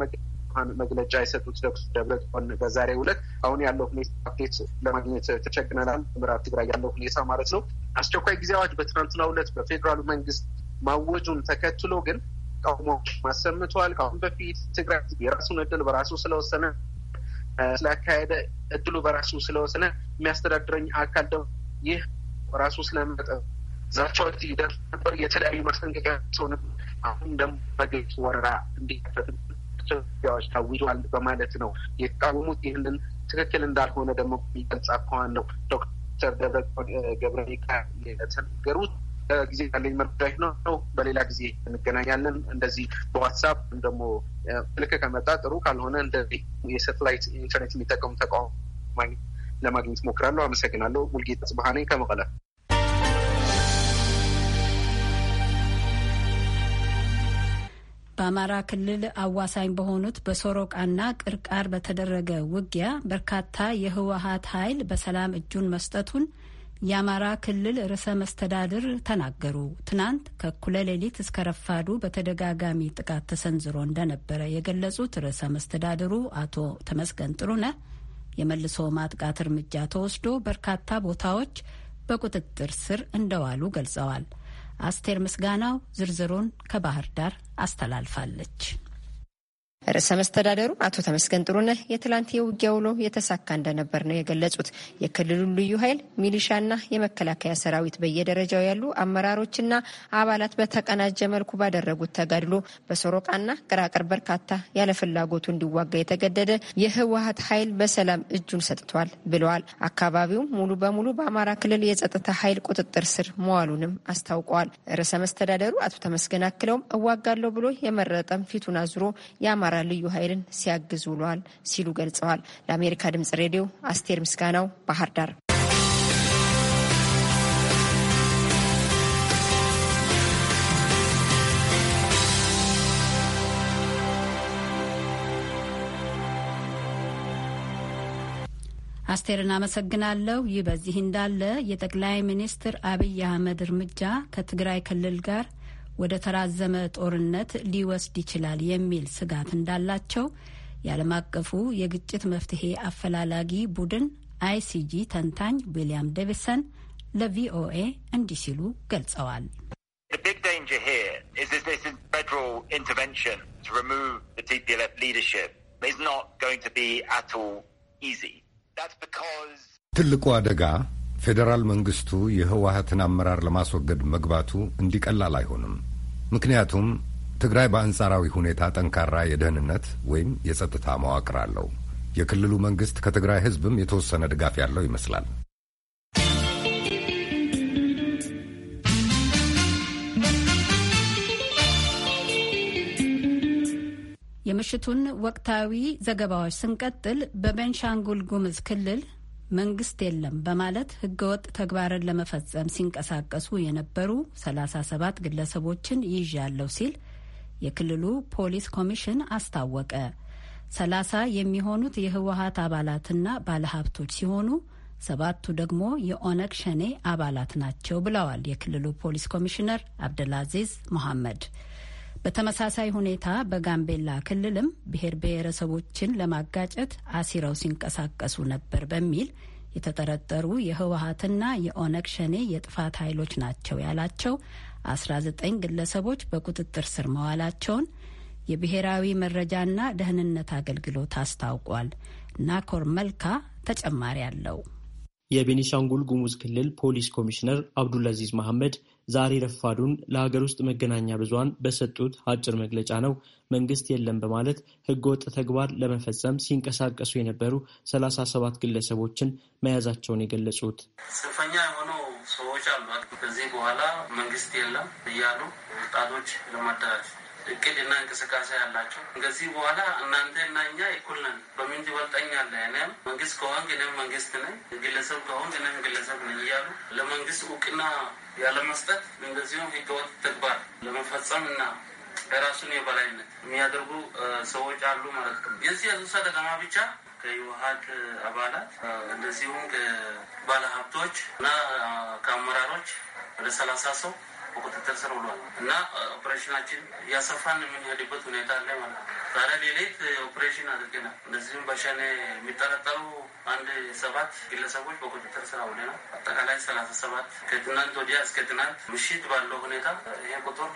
መግለጫ የሰጡት ዶክተር ደብረጽዮን በዛሬ ዕለት አሁን ያለው ሁኔታ አፕዴት ለማግኘት ተቸግነናል፣ ምዕራብ ትግራይ ያለው ሁኔታ ማለት ነው። አስቸኳይ ጊዜ አዋጅ በትናንትናው ዕለት በፌዴራሉ መንግስት ማወጁን ተከትሎ ግን ተቃውሞ አሰምተዋል። ከአሁን በፊት ትግራይ የራሱን እድል በራሱ ስለወሰነ ስላካሄደ እድሉ በራሱ ስለወሰነ የሚያስተዳድረኝ አካል ደግሞ ይህ ራሱ ስለመጠ ዛቻዎች ይደርስ ነበር። የተለያዩ ማስጠንቀቂያ ሰው አሁን ደግሞ በግብጽ ወረራ እንዲከፈት ያዎች ታውጇል በማለት ነው የተቃወሙት። ይህንን ትክክል እንዳልሆነ ደግሞ የሚገልጽ አኳኋን ነው ዶክተር ደብረ ገብረ ሚካኤል የተናገሩት። ጊዜ ያለኝ መረዳት ነው። በሌላ ጊዜ እንገናኛለን። እንደዚህ በዋትሳፕ ወይም ደግሞ ልክ ከመጣ ጥሩ፣ ካልሆነ እንደ የሳተላይት ኢንተርኔት የሚጠቀሙ ተቋም ለማግኘት ሞክራለሁ። አመሰግናለሁ። ሙልጌታ ጽባህ ነኝ ከመቀለ። በአማራ ክልል አዋሳኝ በሆኑት በሶሮቃና ቅርቃር በተደረገ ውጊያ በርካታ የህወሀት ኃይል በሰላም እጁን መስጠቱን የአማራ ክልል ርዕሰ መስተዳድር ተናገሩ። ትናንት ከእኩለ ሌሊት እስከ ረፋዱ በተደጋጋሚ ጥቃት ተሰንዝሮ እንደነበረ የገለጹት ርዕሰ መስተዳድሩ አቶ ተመስገን ጥሩነ የመልሶ ማጥቃት እርምጃ ተወስዶ በርካታ ቦታዎች በቁጥጥር ስር እንደዋሉ ገልጸዋል። አስቴር ምስጋናው ዝርዝሩን ከባህር ዳር አስተላልፋለች። ርዕሰ መስተዳደሩ አቶ ተመስገን ጥሩነህ የትላንት የውጊያ ውሎ የተሳካ እንደነበር ነው የገለጹት። የክልሉ ልዩ ኃይል ሚሊሻና የመከላከያ ሰራዊት በየደረጃው ያሉ አመራሮችና አባላት በተቀናጀ መልኩ ባደረጉት ተጋድሎ በሶሮቃና ቅራቅር በርካታ ያለ ፍላጎቱ እንዲዋጋ የተገደደ የህወሀት ኃይል በሰላም እጁን ሰጥቷል ብለዋል። አካባቢውም ሙሉ በሙሉ በአማራ ክልል የጸጥታ ኃይል ቁጥጥር ስር መዋሉንም አስታውቀዋል። ርዕሰ መስተዳደሩ አቶ ተመስገን አክለውም እዋጋለሁ ብሎ የመረጠም ፊቱን አዙሮ የአማ የአማራ ልዩ ኃይልን ሲያግዝ ውሏል ሲሉ ገልጸዋል። ለአሜሪካ ድምጽ ሬዲዮ አስቴር ምስጋናው ባህር ዳር። አስቴርን እናመሰግናለሁ። ይህ በዚህ እንዳለ የጠቅላይ ሚኒስትር አብይ አህመድ እርምጃ ከትግራይ ክልል ጋር ወደ ተራዘመ ጦርነት ሊወስድ ይችላል የሚል ስጋት እንዳላቸው የዓለም አቀፉ የግጭት መፍትሄ አፈላላጊ ቡድን አይሲጂ ተንታኝ ዊልያም ዴቪሰን ለቪኦኤ እንዲህ ሲሉ ገልጸዋል። ትልቁ አደጋ ፌዴራል መንግስቱ የህወሀትን አመራር ለማስወገድ መግባቱ እንዲቀላል አይሆንም። ምክንያቱም ትግራይ በአንጻራዊ ሁኔታ ጠንካራ የደህንነት ወይም የጸጥታ መዋቅር አለው። የክልሉ መንግስት ከትግራይ ህዝብም የተወሰነ ድጋፍ ያለው ይመስላል። የምሽቱን ወቅታዊ ዘገባዎች ስንቀጥል በቤንሻንጉል ጉምዝ ክልል መንግስት የለም በማለት ህገወጥ ተግባርን ለመፈጸም ሲንቀሳቀሱ የነበሩ 37 ግለሰቦችን ይዣለሁ ሲል የክልሉ ፖሊስ ኮሚሽን አስታወቀ። 30 የሚሆኑት የህወሀት አባላትና ባለሀብቶች ሲሆኑ ሰባቱ ደግሞ የኦነግ ሸኔ አባላት ናቸው ብለዋል የክልሉ ፖሊስ ኮሚሽነር አብደላዚዝ መሐመድ። በተመሳሳይ ሁኔታ በጋምቤላ ክልልም ብሔር ብሔረሰቦችን ለማጋጨት አሲረው ሲንቀሳቀሱ ነበር በሚል የተጠረጠሩ የህወሀትና የኦነግ ሸኔ የጥፋት ኃይሎች ናቸው ያላቸው 19 ግለሰቦች በቁጥጥር ስር መዋላቸውን የብሔራዊ መረጃና ደህንነት አገልግሎት አስታውቋል። ናኮር መልካ ተጨማሪ አለው። የቤኒሻንጉል ጉሙዝ ክልል ፖሊስ ኮሚሽነር አብዱልአዚዝ መሐመድ ዛሬ ረፋዱን ለሀገር ውስጥ መገናኛ ብዙሃን በሰጡት አጭር መግለጫ ነው መንግስት የለም በማለት ህገወጥ ተግባር ለመፈጸም ሲንቀሳቀሱ የነበሩ ሰላሳ ሰባት ግለሰቦችን መያዛቸውን የገለጹት ጽንፈኛ የሆኑ ሰዎች አሉ። ከዚህ በኋላ መንግስት የለም እያሉ ወጣቶች ለማደራጀት እቅድና እንቅስቃሴ ያላቸው ከዚህ በኋላ እናንተ እና እኛ እኩል ነን። በምን ትበልጠኛለህ? እኔም መንግስት ከሆንክ እኔም መንግስት ነኝ፣ ግለሰብ ከሆንክ እኔም ግለሰብ ነኝ እያሉ ለመንግስት እውቅና ያለመስጠት እንደዚሁም ህገወጥ ተግባር ለመፈጸም እና የራሱን የበላይነት የሚያደርጉ ሰዎች አሉ ማለት ነው። የዚህ የሱሳ ከተማ ብቻ ከህወሀት አባላት እንደዚሁም ከባለሀብቶች እና ከአመራሮች ወደ ሰላሳ ሰው በቁጥጥር ስር ውሏል እና ኦፕሬሽናችን እያሰፋን የምንሄድበት ሁኔታ አለ ማለት ነው። ዛሬ ሌሊት ኦፕሬሽን አድርገናል። እንደዚሁም በሸኔ የሚጠረጠሩ አንድ ሰባት ግለሰቦች በቁጥጥር ስር አውለናል። አጠቃላይ ሰላሳ ሰባት ከትናንት ወዲያ እስከ ትናንት ምሽት ባለው ሁኔታ ይሄ ቁጥር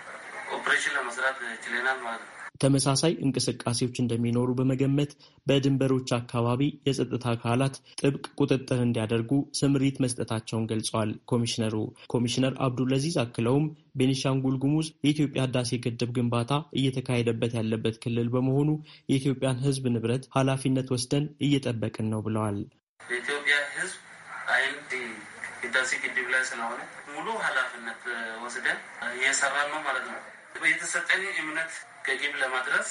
ኦፕሬሽን ለመስራት ችለናል ማለት ነው። ተመሳሳይ እንቅስቃሴዎች እንደሚኖሩ በመገመት በድንበሮች አካባቢ የጸጥታ አካላት ጥብቅ ቁጥጥር እንዲያደርጉ ስምሪት መስጠታቸውን ገልጸዋል ኮሚሽነሩ። ኮሚሽነር አብዱልአዚዝ አክለውም ቤኒሻንጉል ጉሙዝ የኢትዮጵያ ህዳሴ ግድብ ግንባታ እየተካሄደበት ያለበት ክልል በመሆኑ የኢትዮጵያን ህዝብ ንብረት ኃላፊነት ወስደን እየጠበቅን ነው ብለዋል። ህዝብ ህዳሴ ግድብ ላይ ስለሆነ ሙሉ ኃላፊነት ወስደን እየሰራን ነው ማለት ነው። የተሰጠኝ እምነት ከግብ ለማድረስ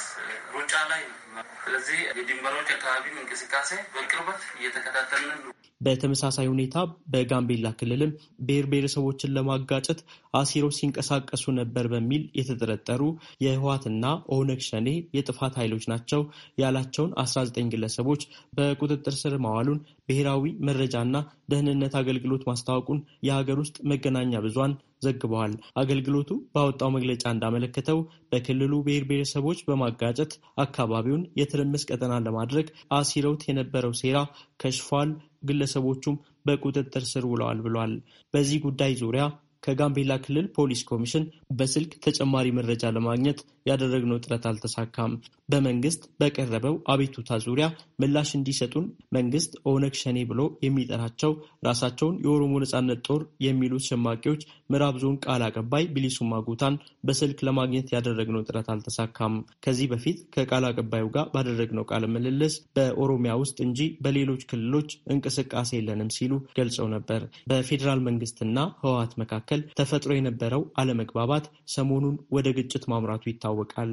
ሩጫ ላይ ነው። ስለዚህ የድንበሮች አካባቢ እንቅስቃሴ በቅርበት እየተከታተልን ነው። በተመሳሳይ ሁኔታ በጋምቤላ ክልልም ብሔር ብሔረሰቦችን ለማጋጨት አሲሮች ሲንቀሳቀሱ ነበር በሚል የተጠረጠሩ የህወሓትና ኦነግ ሸኔ የጥፋት ኃይሎች ናቸው ያላቸውን 19 ግለሰቦች በቁጥጥር ስር ማዋሉን ብሔራዊ መረጃና ደህንነት አገልግሎት ማስታወቁን የሀገር ውስጥ መገናኛ ብዙሃን ዘግበዋል። አገልግሎቱ ባወጣው መግለጫ እንዳመለከተው በክልሉ ብሔር ብሔረሰቦች በማጋጨት አካባቢውን የትርምስ ቀጠና ለማድረግ አሲረውት የነበረው ሴራ ከሽፏል፣ ግለሰቦቹም በቁጥጥር ስር ውለዋል ብሏል። በዚህ ጉዳይ ዙሪያ ከጋምቤላ ክልል ፖሊስ ኮሚሽን በስልክ ተጨማሪ መረጃ ለማግኘት ያደረግነው ጥረት አልተሳካም። በመንግስት በቀረበው አቤቱታ ዙሪያ ምላሽ እንዲሰጡን መንግስት ኦነግ ሸኔ ብሎ የሚጠራቸው ራሳቸውን የኦሮሞ ነጻነት ጦር የሚሉት ሸማቂዎች ምዕራብ ዞን ቃል አቀባይ ቢሊሱማ ጉታን በስልክ ለማግኘት ያደረግነው ጥረት አልተሳካም። ከዚህ በፊት ከቃል አቀባዩ ጋር ባደረግነው ቃለ ምልልስ በኦሮሚያ ውስጥ እንጂ በሌሎች ክልሎች እንቅስቃሴ የለንም ሲሉ ገልጸው ነበር። በፌዴራል መንግስትና ህወሀት መካከል መካከል ተፈጥሮ የነበረው አለመግባባት ሰሞኑን ወደ ግጭት ማምራቱ ይታወቃል።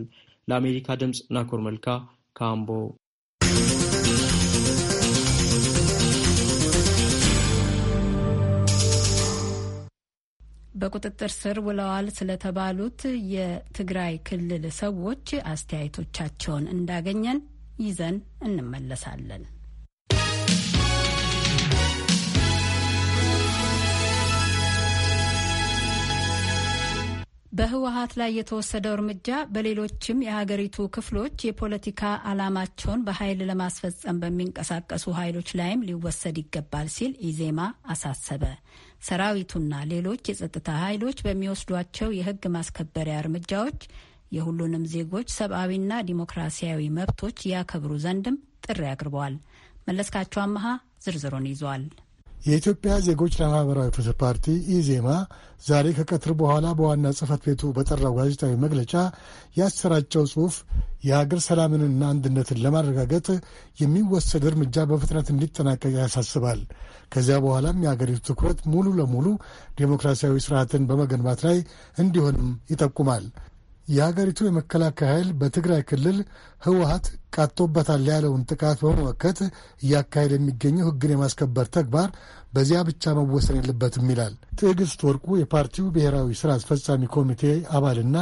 ለአሜሪካ ድምፅ ናኮር መልካ ካምቦ በቁጥጥር ስር ውለዋል ስለተባሉት የትግራይ ክልል ሰዎች አስተያየቶቻቸውን እንዳገኘን ይዘን እንመለሳለን። በህወሀት ላይ የተወሰደው እርምጃ በሌሎችም የሀገሪቱ ክፍሎች የፖለቲካ ዓላማቸውን በኃይል ለማስፈጸም በሚንቀሳቀሱ ኃይሎች ላይም ሊወሰድ ይገባል ሲል ኢዜማ አሳሰበ። ሰራዊቱና ሌሎች የጸጥታ ኃይሎች በሚወስዷቸው የህግ ማስከበሪያ እርምጃዎች የሁሉንም ዜጎች ሰብአዊና ዲሞክራሲያዊ መብቶች ያከብሩ ዘንድም ጥሪ አቅርበዋል። መለስካቸው አመሃ ዝርዝሩን ይዟል። የኢትዮጵያ ዜጎች ለማህበራዊ ፍትህ ፓርቲ ኢዜማ ዛሬ ከቀትር በኋላ በዋና ጽህፈት ቤቱ በጠራው ጋዜጣዊ መግለጫ ያሰራጨው ጽሑፍ የሀገር ሰላምንና አንድነትን ለማረጋገጥ የሚወሰድ እርምጃ በፍጥነት እንዲጠናቀቅ ያሳስባል። ከዚያ በኋላም የአገሪቱ ትኩረት ሙሉ ለሙሉ ዴሞክራሲያዊ ስርዓትን በመገንባት ላይ እንዲሆንም ይጠቁማል። የሀገሪቱ የመከላከያ ኃይል በትግራይ ክልል ህወሀት ቃጦበታል ያለውን ጥቃት በመመከት እያካሄደ የሚገኘው ህግን የማስከበር ተግባር በዚያ ብቻ መወሰን የለበትም ይላል። ትዕግስት ወርቁ የፓርቲው ብሔራዊ ስራ አስፈጻሚ ኮሚቴ አባልና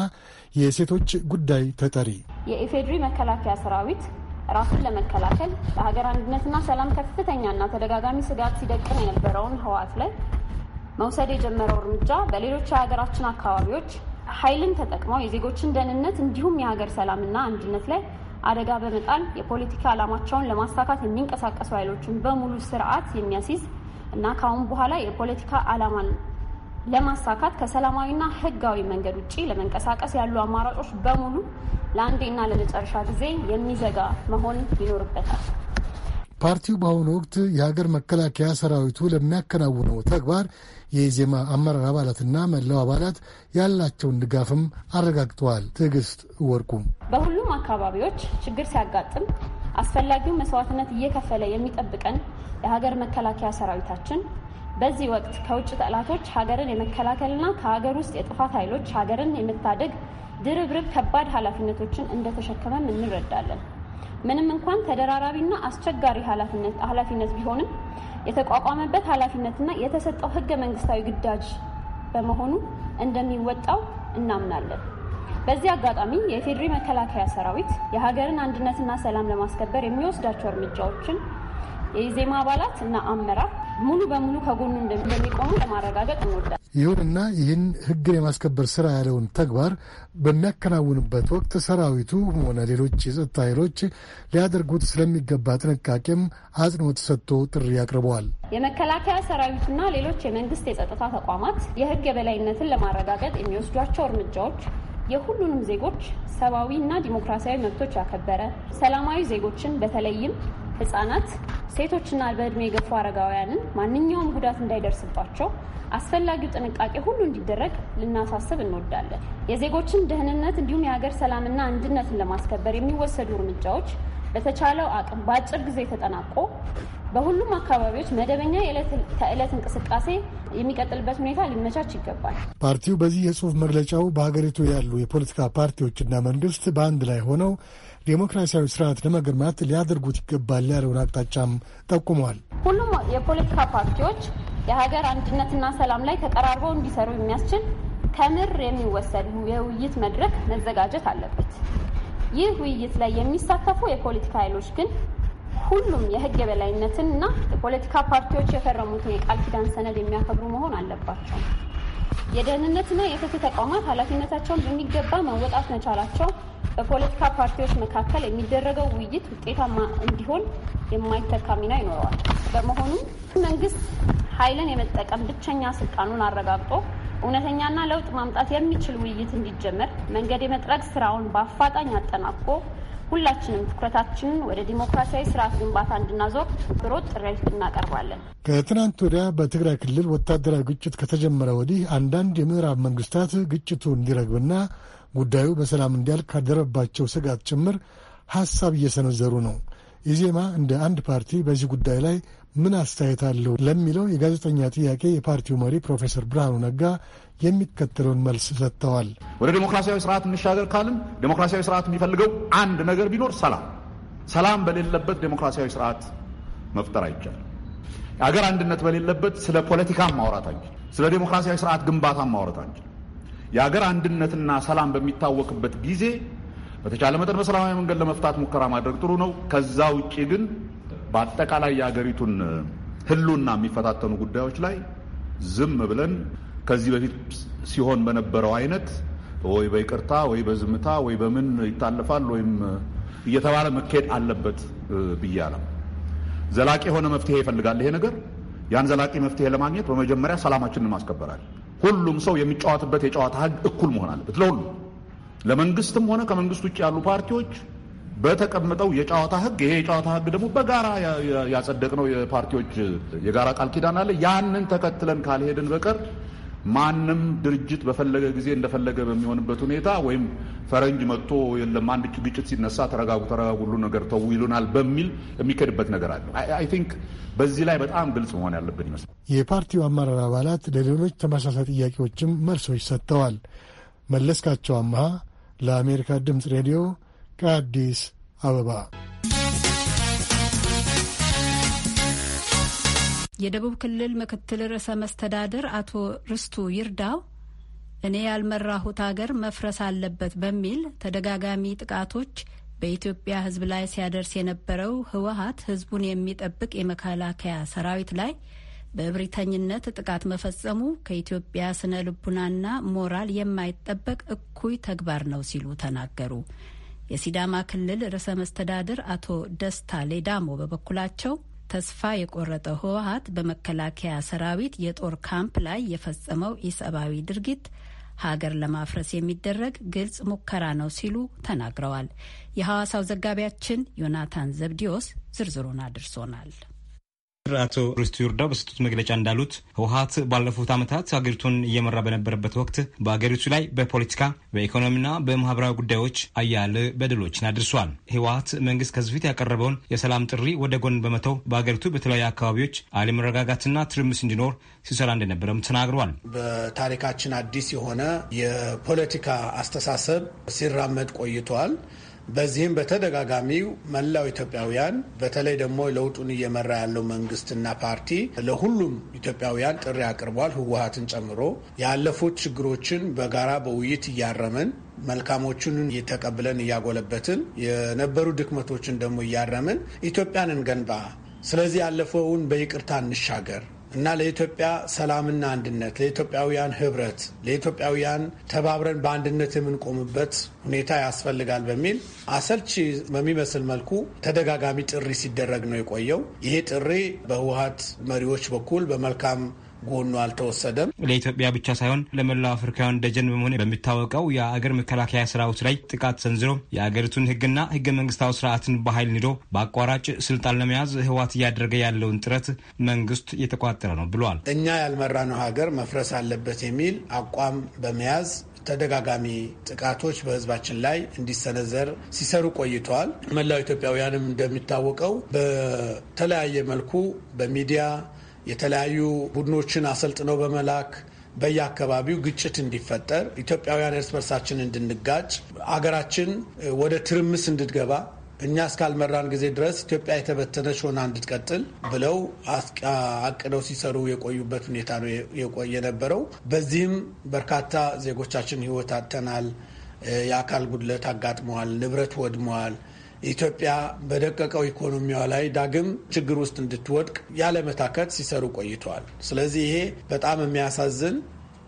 የሴቶች ጉዳይ ተጠሪ፣ የኢፌዴሪ መከላከያ ሰራዊት ራሱን ለመከላከል በሀገር አንድነትና ሰላም ከፍተኛና ተደጋጋሚ ስጋት ሲደቅን የነበረውን ህወሀት ላይ መውሰድ የጀመረው እርምጃ በሌሎች የሀገራችን አካባቢዎች ኃይልን ተጠቅመው የዜጎችን ደህንነት እንዲሁም የሀገር ሰላምና አንድነት ላይ አደጋ በመጣል የፖለቲካ ዓላማቸውን ለማሳካት የሚንቀሳቀሱ ኃይሎችን በሙሉ ስርዓት የሚያስይዝ እና ከአሁን በኋላ የፖለቲካ ዓላማን ለማሳካት ከሰላማዊና ህጋዊ መንገድ ውጭ ለመንቀሳቀስ ያሉ አማራጮች በሙሉ ለአንዴና ለመጨረሻ ጊዜ የሚዘጋ መሆን ይኖርበታል። ፓርቲው በአሁኑ ወቅት የሀገር መከላከያ ሰራዊቱ ለሚያከናውነው ተግባር የኢዜማ አመራር አባላትና መላው አባላት ያላቸውን ድጋፍም አረጋግጠዋል። ትዕግስት ወርቁ በሁሉም አካባቢዎች ችግር ሲያጋጥም አስፈላጊውን መስዋዕትነት እየከፈለ የሚጠብቀን የሀገር መከላከያ ሰራዊታችን በዚህ ወቅት ከውጭ ጠላቶች ሀገርን የመከላከልና ከሀገር ውስጥ የጥፋት ኃይሎች ሀገርን የመታደግ ድርብርብ ከባድ ኃላፊነቶችን እንደተሸከመም እንረዳለን። ምንም እንኳን ተደራራቢና አስቸጋሪ ኃላፊነት ቢሆንም የተቋቋመበት ኃላፊነትና የተሰጠው ህገ መንግስታዊ ግዳጅ በመሆኑ እንደሚወጣው እናምናለን። በዚህ አጋጣሚ የኢፌዴሪ መከላከያ ሰራዊት የሀገርን አንድነትና ሰላም ለማስከበር የሚወስዳቸው እርምጃዎችን የኢዜማ አባላት እና አመራር ሙሉ በሙሉ ከጎኑ እንደሚቆሙ ለማረጋገጥ እንወዳለን። ይሁንና ይህን ሕግን የማስከበር ስራ ያለውን ተግባር በሚያከናውንበት ወቅት ሰራዊቱ ሆነ ሌሎች የጸጥታ ኃይሎች ሊያደርጉት ስለሚገባ ጥንቃቄም አጽንኦት ሰጥቶ ጥሪ አቅርበዋል። የመከላከያ ሰራዊቱና ሌሎች የመንግስት የጸጥታ ተቋማት የሕግ የበላይነትን ለማረጋገጥ የሚወስዷቸው እርምጃዎች የሁሉንም ዜጎች ሰብአዊና ዲሞክራሲያዊ መብቶች ያከበረ ሰላማዊ ዜጎችን በተለይም ህጻናት፣ ሴቶችና በእድሜ የገፉ አረጋውያንን ማንኛውም ጉዳት እንዳይደርስባቸው አስፈላጊው ጥንቃቄ ሁሉ እንዲደረግ ልናሳስብ እንወዳለን። የዜጎችን ደህንነት እንዲሁም የሀገር ሰላምና አንድነትን ለማስከበር የሚወሰዱ እርምጃዎች በተቻለው አቅም በአጭር ጊዜ ተጠናቆ በሁሉም አካባቢዎች መደበኛ ከዕለት እንቅስቃሴ የሚቀጥልበት ሁኔታ ሊመቻች ይገባል። ፓርቲው በዚህ የጽሁፍ መግለጫው በሀገሪቱ ያሉ የፖለቲካ ፓርቲዎችና መንግስት በአንድ ላይ ሆነው ዴሞክራሲያዊ ስርዓት ለመገንባት ሊያደርጉት ይገባል ያለውን አቅጣጫም ጠቁመዋል። ሁሉም የፖለቲካ ፓርቲዎች የሀገር አንድነትና ሰላም ላይ ተቀራርበው እንዲሰሩ የሚያስችል ከምር የሚወሰድ የውይይት መድረክ መዘጋጀት አለበት። ይህ ውይይት ላይ የሚሳተፉ የፖለቲካ ኃይሎች ግን ሁሉም የህግ የበላይነትን እና የፖለቲካ ፓርቲዎች የፈረሙትን የቃል ኪዳን ሰነድ የሚያከብሩ መሆን አለባቸው። የደህንነትና የፍትህ ተቋማት ኃላፊነታቸውን በሚገባ መወጣት መቻላቸው በፖለቲካ ፓርቲዎች መካከል የሚደረገው ውይይት ውጤታማ እንዲሆን የማይተካ ሚና ይኖረዋል። በመሆኑም መንግስት ኃይልን የመጠቀም ብቸኛ ስልጣኑን አረጋግጦ እውነተኛና ለውጥ ማምጣት የሚችል ውይይት እንዲጀመር መንገድ የመጥረግ ስራውን በአፋጣኝ አጠናቅቆ ሁላችንም ትኩረታችንን ወደ ዲሞክራሲያዊ ስርዓት ግንባታ እንድናዞር ብሮ ጥሪ እናቀርባለን። ከትናንት ወዲያ በትግራይ ክልል ወታደራዊ ግጭት ከተጀመረ ወዲህ አንዳንድ የምዕራብ መንግስታት ግጭቱ እንዲረግብና ጉዳዩ በሰላም እንዲያልቅ ካደረባቸው ስጋት ጭምር ሀሳብ እየሰነዘሩ ነው። ኢዜማ እንደ አንድ ፓርቲ በዚህ ጉዳይ ላይ ምን አስተያየት አለው ለሚለው የጋዜጠኛ ጥያቄ የፓርቲው መሪ ፕሮፌሰር ብርሃኑ ነጋ የሚከተለውን መልስ ሰጥተዋል። ወደ ዴሞክራሲያዊ ስርዓት እንሻገር ካልን ዴሞክራሲያዊ ስርዓት የሚፈልገው አንድ ነገር ቢኖር ሰላም፣ ሰላም በሌለበት ዴሞክራሲያዊ ስርዓት መፍጠር አይቻልም። የአገር አንድነት በሌለበት ስለ ፖለቲካ ማውራት አንችል፣ ስለ ዴሞክራሲያዊ ስርዓት ግንባታ ማውራት አንችል። የአገር አንድነትና ሰላም በሚታወቅበት ጊዜ በተቻለ መጠን በሰላማዊ መንገድ ለመፍታት ሙከራ ማድረግ ጥሩ ነው። ከዛ ውጭ ግን በአጠቃላይ የሀገሪቱን ህልውና የሚፈታተኑ ጉዳዮች ላይ ዝም ብለን ከዚህ በፊት ሲሆን በነበረው አይነት ወይ በይቅርታ ወይ በዝምታ ወይ በምን ይታለፋል ወይም እየተባለ መካሄድ አለበት ብዬ ዘላቂ የሆነ መፍትሄ ይፈልጋል ይሄ ነገር። ያን ዘላቂ መፍትሄ ለማግኘት በመጀመሪያ ሰላማችንን ማስከበራል። ሁሉም ሰው የሚጫወትበት የጨዋታ ህግ እኩል መሆን አለበት ለሁሉም ለመንግስትም ሆነ ከመንግስት ውጭ ያሉ ፓርቲዎች በተቀምጠው የጨዋታ ህግ ይሄ የጨዋታ ህግ ደግሞ በጋራ ያጸደቅነው የፓርቲዎች የጋራ ቃል ኪዳን አለ። ያንን ተከትለን ካልሄድን በቀር ማንም ድርጅት በፈለገ ጊዜ እንደፈለገ በሚሆንበት ሁኔታ ወይም ፈረንጅ መጥቶ የለም አንድ ግጭት ሲነሳ ተረጋጉ፣ ተረጋጉ፣ ሁሉ ነገር ተው ይሉናል በሚል የሚከድበት ነገር አለ። አይ ቲንክ በዚህ ላይ በጣም ግልጽ መሆን ያለብን ይመስላል። የፓርቲው አመራር አባላት ለሌሎች ተመሳሳይ ጥያቄዎችም መልሶች ሰጥተዋል። መለስካቸው አመሃ ለአሜሪካ ድምፅ ሬዲዮ ከአዲስ አበባ። የደቡብ ክልል ምክትል ርዕሰ መስተዳድር አቶ ርስቱ ይርዳው እኔ ያልመራሁት ሀገር መፍረስ አለበት በሚል ተደጋጋሚ ጥቃቶች በኢትዮጵያ ሕዝብ ላይ ሲያደርስ የነበረው ህወሀት ሕዝቡን የሚጠብቅ የመከላከያ ሰራዊት ላይ በእብሪተኝነት ጥቃት መፈጸሙ ከኢትዮጵያ ስነ ልቡናና ሞራል የማይጠበቅ እኩይ ተግባር ነው ሲሉ ተናገሩ። የሲዳማ ክልል ርዕሰ መስተዳድር አቶ ደስታ ሌዳሞ በበኩላቸው ተስፋ የቆረጠ ህወሀት በመከላከያ ሰራዊት የጦር ካምፕ ላይ የፈጸመው ኢሰብአዊ ድርጊት ሀገር ለማፍረስ የሚደረግ ግልጽ ሙከራ ነው ሲሉ ተናግረዋል። የሐዋሳው ዘጋቢያችን ዮናታን ዘብዲዮስ ዝርዝሩን አድርሶናል። አቶ ርስቱ ይርዳ በሰጡት መግለጫ እንዳሉት ህወሀት ባለፉት ዓመታት ሀገሪቱን እየመራ በነበረበት ወቅት በሀገሪቱ ላይ በፖለቲካ በኢኮኖሚና በማህበራዊ ጉዳዮች አያሌ በደሎችን አድርሷል። ህወሀት መንግስት ከዚህ ያቀረበውን የሰላም ጥሪ ወደ ጎን በመተው በሀገሪቱ በተለያዩ አካባቢዎች አለመረጋጋትና ትርምስ እንዲኖር ሲሰራ እንደነበረም ተናግረዋል። በታሪካችን አዲስ የሆነ የፖለቲካ አስተሳሰብ ሲራመድ ቆይቷል። በዚህም በተደጋጋሚው መላው ኢትዮጵያውያን በተለይ ደግሞ ለውጡን እየመራ ያለው መንግስትና ፓርቲ ለሁሉም ኢትዮጵያውያን ጥሪ አቅርቧል። ህወሀትን ጨምሮ ያለፉት ችግሮችን በጋራ በውይይት እያረምን መልካሞቹን እየተቀብለን እያጎለበትን የነበሩ ድክመቶችን ደግሞ እያረምን ኢትዮጵያን እንገንባ። ስለዚህ ያለፈውን በይቅርታ እንሻገር እና ለኢትዮጵያ ሰላምና አንድነት፣ ለኢትዮጵያውያን ህብረት፣ ለኢትዮጵያውያን ተባብረን በአንድነት የምንቆምበት ሁኔታ ያስፈልጋል በሚል አሰልቺ በሚመስል መልኩ ተደጋጋሚ ጥሪ ሲደረግ ነው የቆየው። ይሄ ጥሪ በህወሀት መሪዎች በኩል በመልካም ጎኑ አልተወሰደም። ለኢትዮጵያ ብቻ ሳይሆን ለመላው አፍሪካውያን ደጀን በመሆን በሚታወቀው የአገር መከላከያ ሰራዊት ላይ ጥቃት ሰንዝሮ የአገሪቱን ህግና ህገ መንግስታዊ ስርዓትን በኃይል ንዶ በአቋራጭ ስልጣን ለመያዝ ህወሓት እያደረገ ያለውን ጥረት መንግስት የተቋጠረ ነው ብሏል። እኛ ያልመራነው ሀገር መፍረስ አለበት የሚል አቋም በመያዝ ተደጋጋሚ ጥቃቶች በህዝባችን ላይ እንዲሰነዘር ሲሰሩ ቆይተዋል። መላው ኢትዮጵያውያንም እንደሚታወቀው በተለያየ መልኩ በሚዲያ የተለያዩ ቡድኖችን አሰልጥነው በመላክ በየአካባቢው ግጭት እንዲፈጠር ኢትዮጵያውያን እርስ በርሳችን እንድንጋጭ አገራችን ወደ ትርምስ እንድትገባ እኛ እስካልመራን ጊዜ ድረስ ኢትዮጵያ የተበተነች ሆና እንድትቀጥል ብለው አቅደው ሲሰሩ የቆዩበት ሁኔታ ነው የቆየ ነበረው። በዚህም በርካታ ዜጎቻችን ሕይወት አጥተናል። የአካል ጉድለት አጋጥመዋል። ንብረት ወድመዋል። ኢትዮጵያ በደቀቀው ኢኮኖሚዋ ላይ ዳግም ችግር ውስጥ እንድትወድቅ ያለመታከት ሲሰሩ ቆይተዋል። ስለዚህ ይሄ በጣም የሚያሳዝን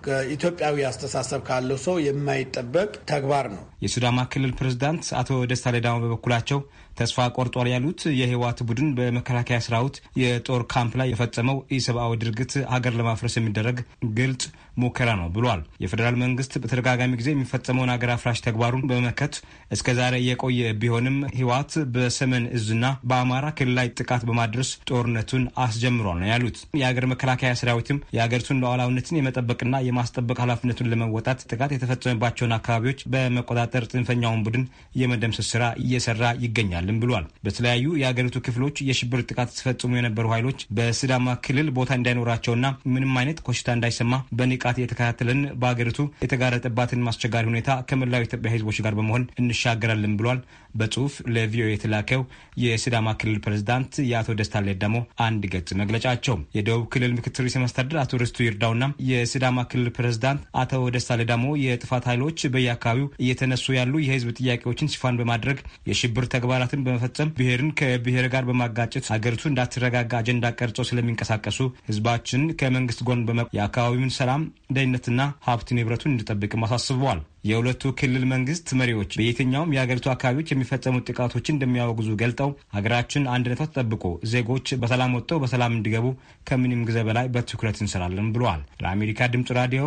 ከኢትዮጵያዊ አስተሳሰብ ካለው ሰው የማይጠበቅ ተግባር ነው። የሱዳማ ክልል ፕሬዝዳንት አቶ ደስታ ሌዳሞ በበኩላቸው ተስፋ ቆርጧል ያሉት የህወሓት ቡድን በመከላከያ ሰራዊት የጦር ካምፕ ላይ የፈጸመው ኢሰብአዊ ድርጊት ሀገር ለማፍረስ የሚደረግ ግልጽ ሙከራ ነው ብሏል። የፌዴራል መንግስት በተደጋጋሚ ጊዜ የሚፈጸመውን ሀገር አፍራሽ ተግባሩን በመመከት እስከዛሬ የቆየ ቢሆንም ህወሓት በሰሜን እዝና በአማራ ክልል ላይ ጥቃት በማድረስ ጦርነቱን አስጀምሯል ነው ያሉት። የሀገር መከላከያ ሰራዊትም የሀገሪቱን ሉዓላዊነትን የመጠበቅና የማስጠበቅ ኃላፊነቱን ለመወጣት ጥቃት የተፈጸመባቸውን አካባቢዎች በመቆጣ በመቆጣጠር ጽንፈኛውን ቡድን የመደምሰስ ስራ እየሰራ ይገኛልም ብሏል። በተለያዩ የአገሪቱ ክፍሎች የሽብር ጥቃት ሲፈጽሙ የነበሩ ኃይሎች በስዳማ ክልል ቦታ እንዳይኖራቸውና ምንም አይነት ኮሽታ እንዳይሰማ በንቃት የተከታተለን በአገሪቱ የተጋረጠባትን ማስቸጋሪ ሁኔታ ከመላው ኢትዮጵያ ህዝቦች ጋር በመሆን እንሻገራለን ብሏል። በጽሁፍ ለቪኦኤ የተላከው የስዳማ ክልል ፕሬዝዳንት የአቶ ደስታ ሌዳሞ አንድ ገጽ መግለጫቸው የደቡብ ክልል ምክትል ርዕሰ መስተዳድር አቶ ርስቱ ይርዳውና የስዳማ ክልል ፕሬዝዳንት አቶ ደስታ ሌዳሞ የጥፋት ኃይሎች በየአካባቢው እየተነ እየተነሱ ያሉ የህዝብ ጥያቄዎችን ሽፋን በማድረግ የሽብር ተግባራትን በመፈጸም ብሔርን ከብሔር ጋር በማጋጨት ሀገሪቱ እንዳትረጋጋ አጀንዳ ቀርጸው ስለሚንቀሳቀሱ ህዝባችን ከመንግስት ጎን በመ የአካባቢውን ሰላም፣ ደህንነትና ሀብት ንብረቱን እንዲጠብቅም አሳስበዋል። የሁለቱ ክልል መንግስት መሪዎች በየትኛውም የሀገሪቱ አካባቢዎች የሚፈጸሙ ጥቃቶችን እንደሚያወግዙ ገልጠው ሀገራችን አንድነቷ ተጠብቆ ዜጎች በሰላም ወጥተው በሰላም እንዲገቡ ከምንም ጊዜ በላይ በትኩረት እንሰራለን ብለዋል። ለአሜሪካ ድምጽ ራዲዮ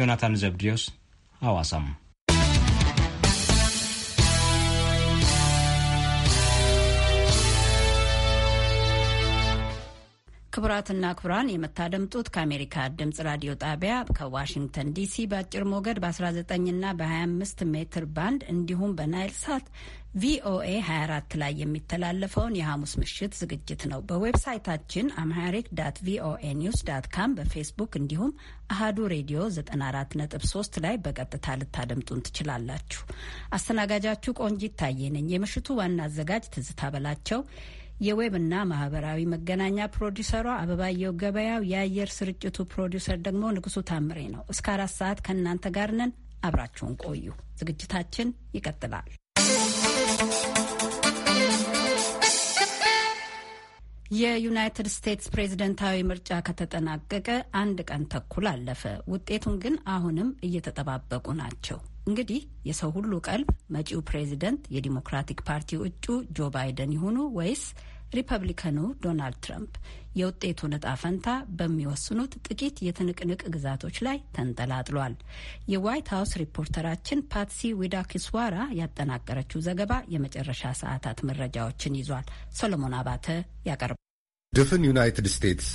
ዮናታን ዘብዲዮስ ሐዋሳም ክቡራትና ክቡራን የምታደምጡት ከአሜሪካ ድምጽ ራዲዮ ጣቢያ ከዋሽንግተን ዲሲ በአጭር ሞገድ በ19ና በ25 ሜትር ባንድ እንዲሁም በናይል ሳት ቪኦኤ 24 ላይ የሚተላለፈውን የሐሙስ ምሽት ዝግጅት ነው። በዌብሳይታችን አምሃሪክ ዳት ቪኦኤ ኒውስ ዳት ካም በፌስቡክ እንዲሁም አሃዱ ሬዲዮ 94.3 ላይ በቀጥታ ልታደምጡን ትችላላችሁ። አስተናጋጃችሁ ቆንጂት ታየ የምሽቱ ዋና አዘጋጅ ትዝታ በላቸው የዌብና ማህበራዊ መገናኛ ፕሮዲሰሯ አበባየው ገበያው፣ የአየር ስርጭቱ ፕሮዲሰር ደግሞ ንጉሱ ታምሬ ነው። እስከ አራት ሰዓት ከእናንተ ጋር ነን። አብራችሁን ቆዩ። ዝግጅታችን ይቀጥላል። የዩናይትድ ስቴትስ ፕሬዝደንታዊ ምርጫ ከተጠናቀቀ አንድ ቀን ተኩል አለፈ። ውጤቱን ግን አሁንም እየተጠባበቁ ናቸው። እንግዲህ የሰው ሁሉ ቀልብ መጪው ፕሬዚደንት የዲሞክራቲክ ፓርቲ እጩ ጆ ባይደን ይሁኑ ወይስ ሪፐብሊካኑ ዶናልድ ትራምፕ የውጤቱ ነጣ ፈንታ በሚወስኑት ጥቂት የትንቅንቅ ግዛቶች ላይ ተንጠላጥሏል። የዋይት ሀውስ ሪፖርተራችን ፓትሲ ዊዳኪስዋራ ያጠናቀረችው ዘገባ የመጨረሻ ሰዓታት መረጃዎችን ይዟል። ሰሎሞን አባተ ያቀርባል። ድፍን ዩናይትድ ስቴትስ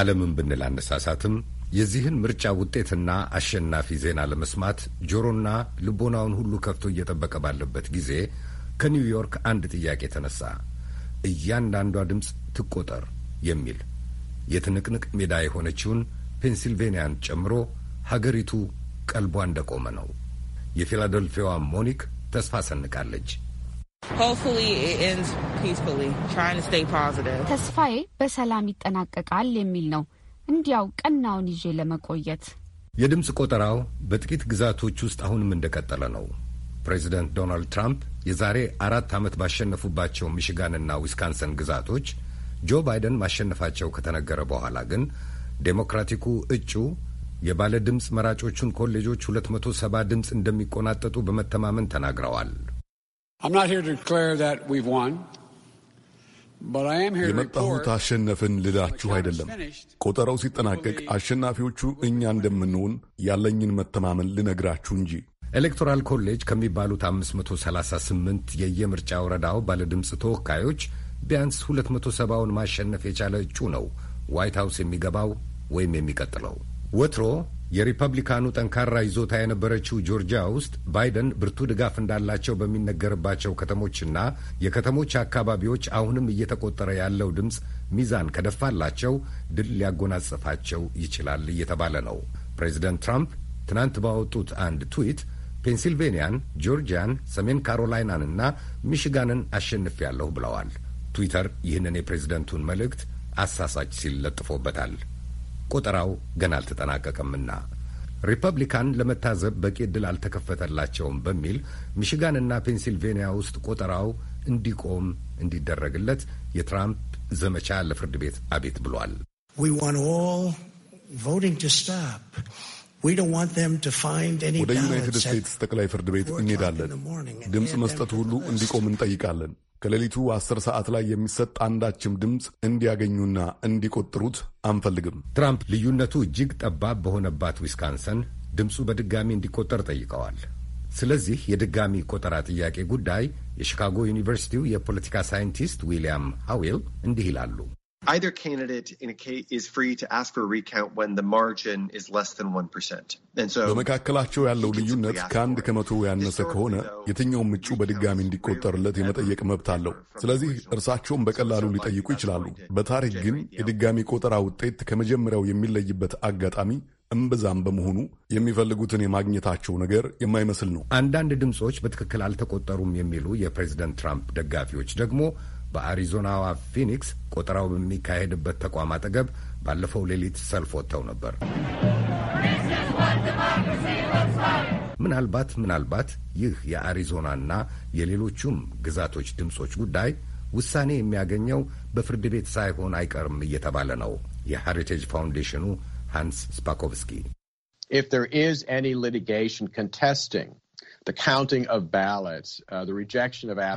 ዓለምን ብንል አነሳሳትም የዚህን ምርጫ ውጤትና አሸናፊ ዜና ለመስማት ጆሮና ልቦናውን ሁሉ ከፍቶ እየጠበቀ ባለበት ጊዜ ከኒውዮርክ አንድ ጥያቄ ተነሳ። እያንዳንዷ ድምፅ ትቆጠር የሚል የትንቅንቅ ሜዳ የሆነችውን ፔንሲልቬንያን ጨምሮ ሀገሪቱ ቀልቧ እንደቆመ ነው። የፊላደልፊያዋ ሞኒክ ተስፋ ሰንቃለች። ተስፋዬ በሰላም ይጠናቀቃል የሚል ነው። እንዲያው ቀናውን ይዤ ለመቆየት። የድምፅ ቆጠራው በጥቂት ግዛቶች ውስጥ አሁንም እንደቀጠለ ነው። ፕሬዚደንት ዶናልድ ትራምፕ የዛሬ አራት ዓመት ባሸነፉባቸው ሚሽጋንና ዊስካንሰን ግዛቶች ጆ ባይደን ማሸነፋቸው ከተነገረ በኋላ ግን ዴሞክራቲኩ እጩ የባለ ድምፅ መራጮቹን ኮሌጆች 270 ድምፅ እንደሚቆናጠጡ በመተማመን ተናግረዋል። I'm not here to declare that we've won. የመጣሁት አሸነፍን ልላችሁ አይደለም። ቆጠራው ሲጠናቀቅ አሸናፊዎቹ እኛ እንደምንሆን ያለኝን መተማመን ልነግራችሁ እንጂ። ኤሌክቶራል ኮሌጅ ከሚባሉት 538 የየምርጫ ወረዳው ባለድምፅ ተወካዮች ቢያንስ 270ውን ማሸነፍ የቻለ እጩ ነው ዋይት ሃውስ የሚገባው ወይም የሚቀጥለው። ወትሮ የሪፐብሊካኑ ጠንካራ ይዞታ የነበረችው ጆርጂያ ውስጥ ባይደን ብርቱ ድጋፍ እንዳላቸው በሚነገርባቸው ከተሞችና የከተሞች አካባቢዎች አሁንም እየተቆጠረ ያለው ድምፅ ሚዛን ከደፋላቸው ድል ሊያጎናጽፋቸው ይችላል እየተባለ ነው። ፕሬዚደንት ትራምፕ ትናንት ባወጡት አንድ ትዊት ፔንሲልቬንያን፣ ጆርጂያን፣ ሰሜን ካሮላይናንና ሚሽጋንን አሸንፌያለሁ ብለዋል። ትዊተር ይህንን የፕሬዝደንቱን መልእክት አሳሳች ሲል ለጥፎበታል። ቆጠራው ገና አልተጠናቀቀምና ሪፐብሊካን ለመታዘብ በቂ ዕድል አልተከፈተላቸውም በሚል ሚሽጋንና ፔንሲልቬንያ ውስጥ ቆጠራው እንዲቆም እንዲደረግለት የትራምፕ ዘመቻ ለፍርድ ቤት አቤት ብሏል። ወደ ዩናይትድ ስቴትስ ጠቅላይ ፍርድ ቤት እንሄዳለን። ድምፅ መስጠት ሁሉ እንዲቆም እንጠይቃለን። ከሌሊቱ አስር ሰዓት ላይ የሚሰጥ አንዳችም ድምፅ እንዲያገኙና እንዲቆጥሩት አንፈልግም። ትራምፕ ልዩነቱ እጅግ ጠባብ በሆነባት ዊስካንሰን ድምፁ በድጋሚ እንዲቆጠር ጠይቀዋል። ስለዚህ የድጋሚ ቆጠራ ጥያቄ ጉዳይ የሺካጎ ዩኒቨርሲቲው የፖለቲካ ሳይንቲስት ዊልያም ሃዌል እንዲህ ይላሉ። Either candidate is free to ask for a recount when the margin is less than 1%. በመካከላቸው ያለው ልዩነት ከአንድ ከመቶ ያነሰ ከሆነ የትኛውም እጩ በድጋሚ እንዲቆጠርለት የመጠየቅ መብት አለው። ስለዚህ እርሳቸውም በቀላሉ ሊጠይቁ ይችላሉ። በታሪክ ግን የድጋሚ ቆጠራ ውጤት ከመጀመሪያው የሚለይበት አጋጣሚ እምብዛም በመሆኑ የሚፈልጉትን የማግኘታቸው ነገር የማይመስል ነው። አንዳንድ ድምፆች በትክክል አልተቆጠሩም የሚሉ የፕሬዚደንት ትራምፕ ደጋፊዎች ደግሞ በአሪዞናዋ ፊኒክስ ቆጠራው በሚካሄድበት ተቋም አጠገብ ባለፈው ሌሊት ሰልፍ ወጥተው ነበር። ምናልባት ምናልባት ይህ የአሪዞናና የሌሎቹም ግዛቶች ድምፆች ጉዳይ ውሳኔ የሚያገኘው በፍርድ ቤት ሳይሆን አይቀርም እየተባለ ነው። የሄሪቴጅ ፋውንዴሽኑ ሃንስ ስፓኮቭስኪ ኢፍ ኢዝ ኤኒ ሊቲጌሽን ኮንቴስቲንግ Uh,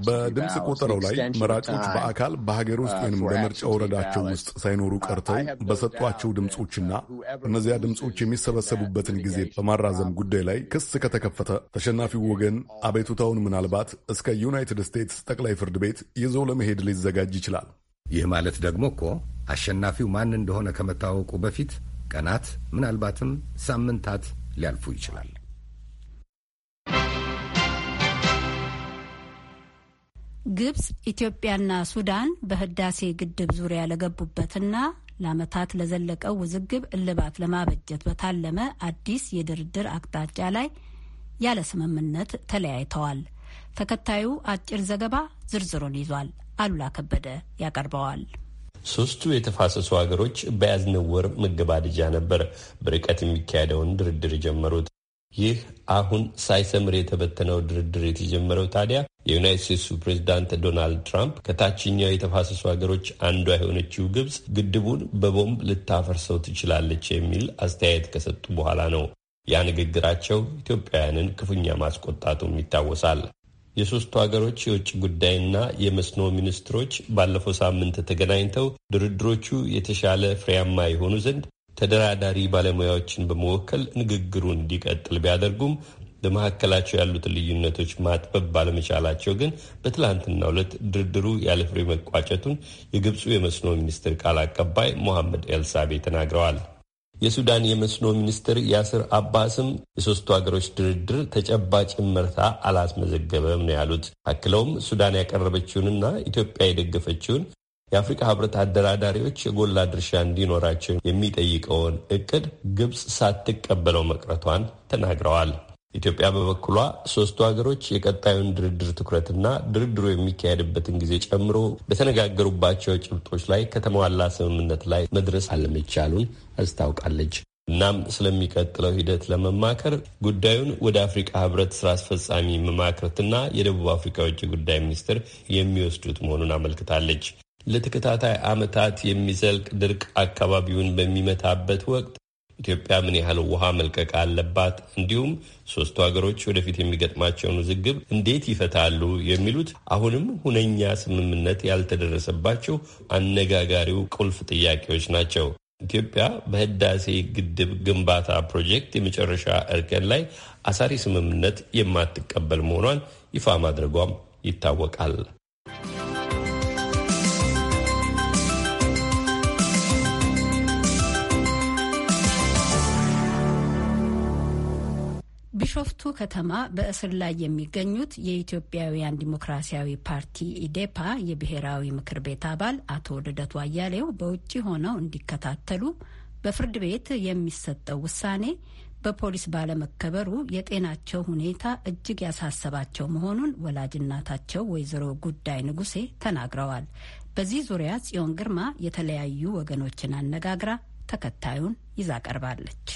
በድምፅ ቆጠራው ላይ መራጮች በአካል በሀገር ውስጥ uh, ወይም በምርጫ ወረዳቸው ውስጥ ሳይኖሩ uh, ቀርተው በሰጧቸው ድምፆችና እነዚያ ድምፆች የሚሰበሰቡበትን ጊዜ በማራዘም ጉዳይ ላይ ክስ ከተከፈተ ተሸናፊው ወገን አቤቱታውን ምናልባት እስከ ዩናይትድ ስቴትስ ጠቅላይ ፍርድ ቤት ይዞ ለመሄድ ሊዘጋጅ ይችላል። ይህ ማለት ደግሞ እኮ አሸናፊው ማን እንደሆነ ከመታወቁ በፊት ቀናት፣ ምናልባትም ሳምንታት ሊያልፉ ይችላል። ግብጽ፣ ኢትዮጵያና ሱዳን በህዳሴ ግድብ ዙሪያ ለገቡበትና ለዓመታት ለዘለቀው ውዝግብ እልባት ለማበጀት በታለመ አዲስ የድርድር አቅጣጫ ላይ ያለ ስምምነት ተለያይተዋል። ተከታዩ አጭር ዘገባ ዝርዝሩን ይዟል። አሉላ ከበደ ያቀርበዋል። ሶስቱ የተፋሰሱ ሀገሮች በያዝነው ወር መገባደጃ ነበር በርቀት የሚካሄደውን ድርድር የጀመሩት። ይህ አሁን ሳይሰምር የተበተነው ድርድር የተጀመረው ታዲያ የዩናይት ስቴትሱ ፕሬዚዳንት ዶናልድ ትራምፕ ከታችኛው የተፋሰሱ ሀገሮች አንዷ የሆነችው ግብፅ ግድቡን በቦምብ ልታፈርሰው ትችላለች የሚል አስተያየት ከሰጡ በኋላ ነው። ያ ንግግራቸው ኢትዮጵያውያንን ክፉኛ ማስቆጣቱም ይታወሳል። የሶስቱ ሀገሮች የውጭ ጉዳይና የመስኖ ሚኒስትሮች ባለፈው ሳምንት ተገናኝተው ድርድሮቹ የተሻለ ፍሬያማ የሆኑ ዘንድ ተደራዳሪ ባለሙያዎችን በመወከል ንግግሩ እንዲቀጥል ቢያደርጉም በመካከላቸው ያሉትን ልዩነቶች ማጥበብ ባለመቻላቸው ግን በትላንትና ዕለት ድርድሩ ያለ ፍሬ መቋጨቱን የግብፁ የመስኖ ሚኒስትር ቃል አቀባይ ሞሐመድ ኤልሳቤ ተናግረዋል። የሱዳን የመስኖ ሚኒስትር ያስር አባስም የሶስቱ ሀገሮች ድርድር ተጨባጭ እመርታ አላስመዘገበም ነው ያሉት። አክለውም ሱዳን ያቀረበችውንና ኢትዮጵያ የደገፈችውን የአፍሪካ ህብረት አደራዳሪዎች የጎላ ድርሻ እንዲኖራቸው የሚጠይቀውን እቅድ ግብፅ ሳትቀበለው መቅረቷን ተናግረዋል። ኢትዮጵያ በበኩሏ ሶስቱ ሀገሮች የቀጣዩን ድርድር ትኩረትና ድርድሩ የሚካሄድበትን ጊዜ ጨምሮ በተነጋገሩባቸው ጭብጦች ላይ ከተሟላ ስምምነት ላይ መድረስ አለመቻሉን አስታውቃለች። እናም ስለሚቀጥለው ሂደት ለመማከር ጉዳዩን ወደ አፍሪካ ህብረት ስራ አስፈጻሚ መማክርትና የደቡብ አፍሪካ ውጭ ጉዳይ ሚኒስትር የሚወስዱት መሆኑን አመልክታለች። ለተከታታይ ዓመታት የሚዘልቅ ድርቅ አካባቢውን በሚመታበት ወቅት ኢትዮጵያ ምን ያህል ውሃ መልቀቅ አለባት፣ እንዲሁም ሶስቱ ሀገሮች ወደፊት የሚገጥማቸውን ውዝግብ እንዴት ይፈታሉ የሚሉት አሁንም ሁነኛ ስምምነት ያልተደረሰባቸው አነጋጋሪው ቁልፍ ጥያቄዎች ናቸው። ኢትዮጵያ በህዳሴ ግድብ ግንባታ ፕሮጀክት የመጨረሻ እርከን ላይ አሳሪ ስምምነት የማትቀበል መሆኗን ይፋ ማድረጓም ይታወቃል። ቢሾፍቱ ከተማ በእስር ላይ የሚገኙት የኢትዮጵያውያን ዲሞክራሲያዊ ፓርቲ ኢዴፓ የብሔራዊ ምክር ቤት አባል አቶ ልደቱ አያሌው በውጭ ሆነው እንዲከታተሉ በፍርድ ቤት የሚሰጠው ውሳኔ በፖሊስ ባለመከበሩ የጤናቸው ሁኔታ እጅግ ያሳሰባቸው መሆኑን ወላጅናታቸው ወይዘሮ ጉዳይ ንጉሴ ተናግረዋል። በዚህ ዙሪያ ጽዮን ግርማ የተለያዩ ወገኖችን አነጋግራ ተከታዩን ይዛ ቀርባለች።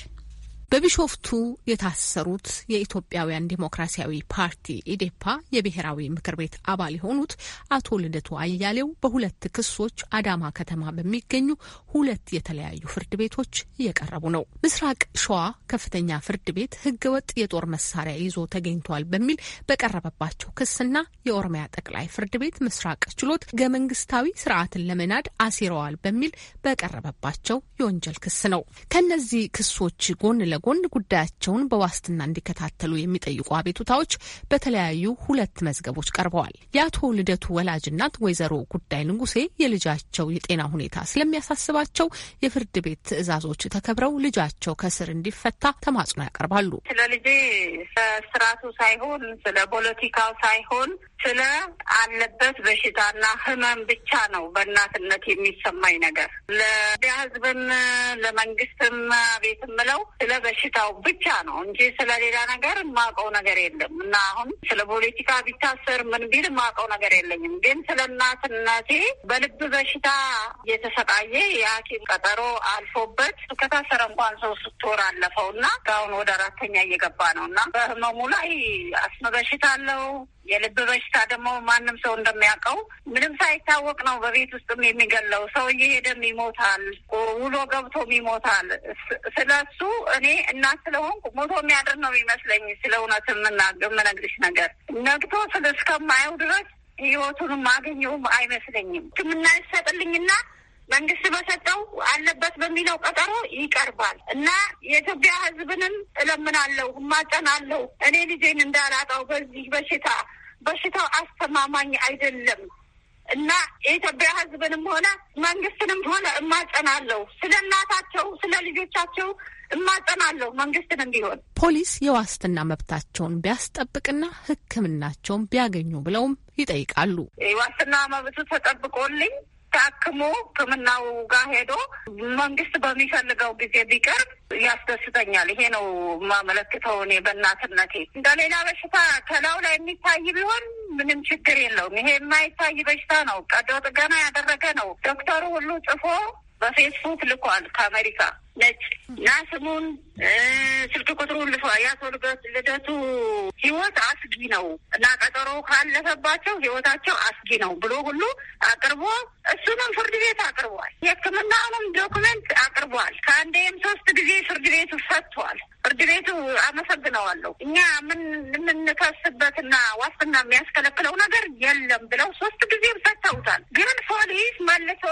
በቢሾፍቱ የታሰሩት የኢትዮጵያውያን ዲሞክራሲያዊ ፓርቲ ኢዴፓ የብሔራዊ ምክር ቤት አባል የሆኑት አቶ ልደቱ አያሌው በሁለት ክሶች አዳማ ከተማ በሚገኙ ሁለት የተለያዩ ፍርድ ቤቶች እየቀረቡ ነው። ምስራቅ ሸዋ ከፍተኛ ፍርድ ቤት ህገወጥ የጦር መሳሪያ ይዞ ተገኝቷል በሚል በቀረበባቸው ክስና የኦሮሚያ ጠቅላይ ፍርድ ቤት ምስራቅ ችሎት ህገ መንግስታዊ ስርዓትን ለመናድ አሲረዋል በሚል በቀረበባቸው የወንጀል ክስ ነው። ከነዚህ ክሶች ጎን ለጎን ጉዳያቸውን በዋስትና እንዲከታተሉ የሚጠይቁ አቤቱታዎች በተለያዩ ሁለት መዝገቦች ቀርበዋል። የአቶ ልደቱ ወላጅ እናት ወይዘሮ ጉዳይ ንጉሴ የልጃቸው የጤና ሁኔታ ስለሚያሳስባቸው የፍርድ ቤት ትዕዛዞች ተከብረው ልጃቸው ከስር እንዲፈታ ተማጽኖ ያቀርባሉ። ስለ ልጄ ስርዓቱ ሳይሆን ስለ ፖለቲካው ሳይሆን ስለ አለበት በሽታና ህመም ብቻ ነው በእናትነት የሚሰማኝ ነገር። ለዲያ ህዝብም ለመንግስትም ቤት ምለው ስለ በሽታው ብቻ ነው እንጂ ስለ ሌላ ነገር የማውቀው ነገር የለም እና አሁን ስለ ፖለቲካ ቢታሰር ምን ቢል የማውቀው ነገር የለኝም። ግን ስለ እናትነቴ በልብ በሽታ እየተሰቃየ የሐኪም ቀጠሮ አልፎበት ከታሰረ እንኳን ሰው ስትወር አለፈው እና አሁን ወደ አራተኛ እየገባ ነው እና በህመሙ ላይ አስመ በሽታ አለው የልብ በሽታ ደግሞ ማንም ሰው እንደሚያውቀው ምንም ሳይታወቅ ነው በቤት ውስጥም የሚገለው ሰው እየሄደም ይሞታል፣ ውሎ ገብቶም ይሞታል። ስለ እሱ እኔ እናት ስለሆንኩ ሞቶ የሚያድር ነው ይመስለኝ። ስለ እውነት የምነግርሽ ነገር ነግቶ ስለ እስከማየው ድረስ ህይወቱንም አገኘውም አይመስለኝም። ህክምና ይሰጥልኝና መንግስት በሰጠው አለበት በሚለው ቀጠሮ ይቀርባል እና የኢትዮጵያ ህዝብንም እለምናለሁ እማጸናለሁ። እኔ ልጄን እንዳላጣው በዚህ በሽታ በሽታው አስተማማኝ አይደለም እና የኢትዮጵያ ህዝብንም ሆነ መንግስትንም ሆነ እማጸናለሁ ስለ እናታቸው ስለ ልጆቻቸው እማጸናለሁ መንግስትንም ቢሆን ፖሊስ የዋስትና መብታቸውን ቢያስጠብቅና ህክምናቸውን ቢያገኙ ብለውም ይጠይቃሉ። ዋስትና መብቱ ተጠብቆልኝ ታክሞ ሕክምናው ጋር ሄዶ መንግስት በሚፈልገው ጊዜ ቢቀርብ ያስደስተኛል። ይሄ ነው የማመለክተው እኔ በእናትነቴ። እንደ ሌላ በሽታ ከላው ላይ የሚታይ ቢሆን ምንም ችግር የለውም። ይሄ የማይታይ በሽታ ነው። ቀዶ ጥገና ያደረገ ነው ዶክተሩ ሁሉ ጽፎ በፌስቡክ ልኳል ከአሜሪካ ነች እና ስሙን ስልክ ቁጥሩን ያሰሉበት ልደቱ ህይወት አስጊ ነው እና ቀጠሮ ካለፈባቸው ህይወታቸው አስጊ ነው ብሎ ሁሉ አቅርቦ እሱንም ፍርድ ቤት አቅርቧል። የሕክምናውንም ዶክመንት አቅርቧል። ከአንዴም ሶስት ጊዜ ፍርድ ቤቱ ፈቷል። ቤቱ አመሰግነዋለሁ። እኛ ምን የምንከስበትና ዋስትና የሚያስከለክለው ነገር የለም ብለው ሶስት ጊዜም ፈተውታል። ግን ፖሊስ መልሶ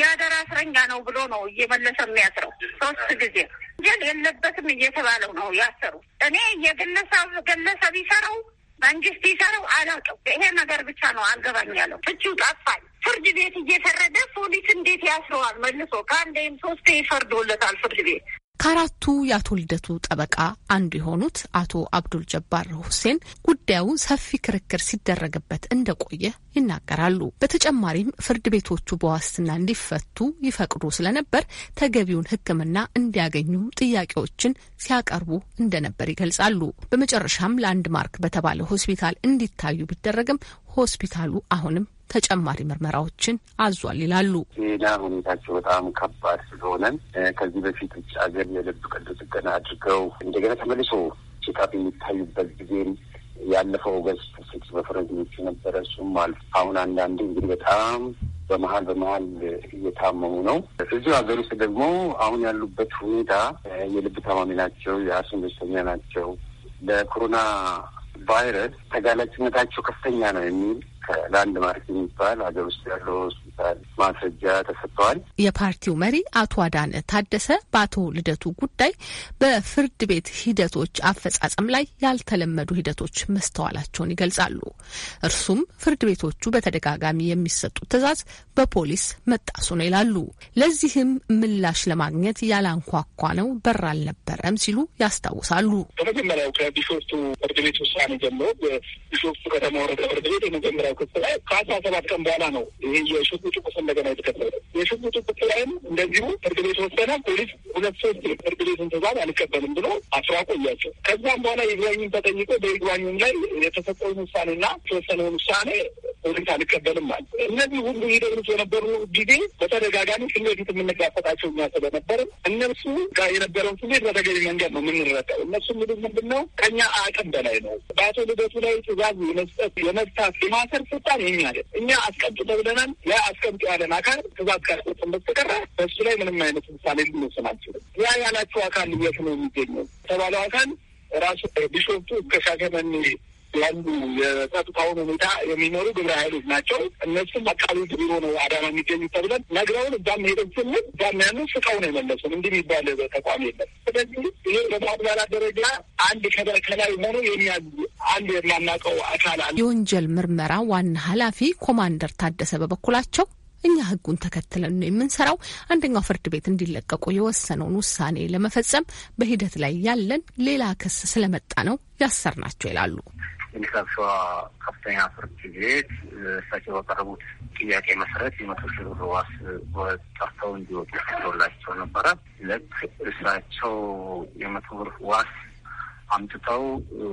የአደራ እስረኛ ነው ብሎ ነው እየመለሰ የሚያስረው ሶስት ጊዜ ወንጀል የለበትም እየተባለው ነው ያሰሩ። እኔ የግለሰብ ግለሰብ ይሰረው መንግስት ይሰረው አላውቅም። ይሄ ነገር ብቻ ነው አልገባኝ ያለው ፍቺው ጠፋኝ። ፍርድ ቤት እየፈረደ ፖሊስ እንዴት ያስረዋል? መልሶ ከአንዴም ሶስቴ ይፈርዶለታል ፍርድ ቤት ከአራቱ የአቶ ልደቱ ጠበቃ አንዱ የሆኑት አቶ አብዱል ጀባር ሁሴን ጉዳዩ ሰፊ ክርክር ሲደረግበት እንደቆየ ይናገራሉ። በተጨማሪም ፍርድ ቤቶቹ በዋስትና እንዲፈቱ ይፈቅዱ ስለነበር ተገቢውን ሕክምና እንዲያገኙ ጥያቄዎችን ሲያቀርቡ እንደነበር ይገልጻሉ። በመጨረሻም ላንድማርክ በተባለ ሆስፒታል እንዲታዩ ቢደረግም ሆስፒታሉ አሁንም ተጨማሪ ምርመራዎችን አዟል ይላሉ። ሌላ ሁኔታቸው በጣም ከባድ ስለሆነ ከዚህ በፊት ውጭ ሀገር የልብ ቀዶ ጥገና አድርገው እንደገና ተመልሶ ቼካፕ የሚታዩበት ጊዜም ያለፈው ገጽ ስድስት በፈረንጆቹ ነበረ። እሱም አልፎ አሁን አንዳንዴ እንግዲህ በጣም በመሀል በመሀል እየታመሙ ነው። እዚሁ ሀገር ውስጥ ደግሞ አሁን ያሉበት ሁኔታ የልብ ታማሚ ናቸው፣ የአስም በሽተኛ ናቸው። ለኮሮና ቫይረስ ተጋላጭነታቸው ከፍተኛ ነው የሚል ለአንድ ማርክ የሚባል ሀገር ውስጥ ያለው ሆስፒታል ማስረጃ ተሰጥተዋል። የፓርቲው መሪ አቶ አዳነ ታደሰ በአቶ ልደቱ ጉዳይ በፍርድ ቤት ሂደቶች አፈጻጸም ላይ ያልተለመዱ ሂደቶች መስተዋላቸውን ይገልጻሉ። እርሱም ፍርድ ቤቶቹ በተደጋጋሚ የሚሰጡት ትዕዛዝ በፖሊስ መጣሱ ነው ይላሉ። ለዚህም ምላሽ ለማግኘት ያላንኳኳ ነው በር አልነበረም ሲሉ ያስታውሳሉ። በመጀመሪያው ከቢሾፍቱ ፍርድ ቤት ውሳኔ ጀምሮ ቢሾፍቱ ከተማ ወረዳ ፍርድ ቤት የመጀመሪያው ክስ ላይ ከአስራ ሰባት ቀን በኋላ ነው ይህ የሽጉጡ ቁስ እንደገና የተከፈለ። የሽጉጡ ቁስ ላይም እንደዚሁ ፍርድ ቤት ወሰነ። ፖሊስ ሁለት ሶስት ፍርድ ቤትን ትእዛዝ አልቀበልም ብሎ አስራ ቆያቸው። ከዛም በኋላ ይግባኙን ተጠይቆ በይግባኙም ላይ የተሰጠውን ውሳኔና የተወሰነውን ውሳኔ ፖሊስ አልቀበልም አለ። እነዚህ ሁሉ ሂደቶች የነበሩ ጊዜ በተደጋጋሚ ፊት ለፊት የምንጋፈጣቸው እኛ ስለነበር እነሱ ጋር የነበረው ስሜት በተገቢ መንገድ ነው የምንረዳው። እነሱ ምድ ምንድን ነው ከኛ አቅም በላይ ነው። በአቶ ልደቱ ላይ ትእዛዝ የመስጠት የመፍታት የማሰር ስልጣን ይህ አይደል። እኛ አስቀምጡ ተብለናል። ያ አስቀምጡ ያለን አካል ትእዛዝ ካልሰጠን በስተቀር በሱ ላይ ምንም አይነት ምሳሌ ልንወስን አንችልም። ያ ያላቸው አካል የት ነው የሚገኘው የተባለው አካል ራሱ ቢሾፍቱ እስከ ያሉ የጸጥታውን ሁኔታ የሚኖሩ ግብረ ኃይሎች ናቸው። እነሱም አቃቢ ቢሮ ነው አዳማ የሚገኙ ተብለን ነግረውን እዛም ሄደን ስንል እዛም ያንን ስቃው ነው የመለሱን። እንዲህ የሚባል ተቋም የለም። ስለዚህ ይህ በማቅበላት ደረጃ አንድ ከላይ ሆኖ የሚያዙ አንድ የማናውቀው አካል አለ። የወንጀል ምርመራ ዋና ኃላፊ ኮማንደር ታደሰ በበኩላቸው እኛ ህጉን ተከትለን ነው የምንሰራው። አንደኛው ፍርድ ቤት እንዲለቀቁ የወሰነውን ውሳኔ ለመፈጸም በሂደት ላይ ያለን ሌላ ክስ ስለመጣ ነው ያሰር ናቸው ይላሉ። የምስራቅ ሸዋ ከፍተኛ ፍርድ ቤት እሳቸው በቀረቡት ጥያቄ መሰረት የመቶ ሺህ ብር ዋስ ጠርተው እንዲወጡ ፈቅዶላቸው ነበረ። ልክ እሳቸው የመቶ ብር ዋስ አምጥተው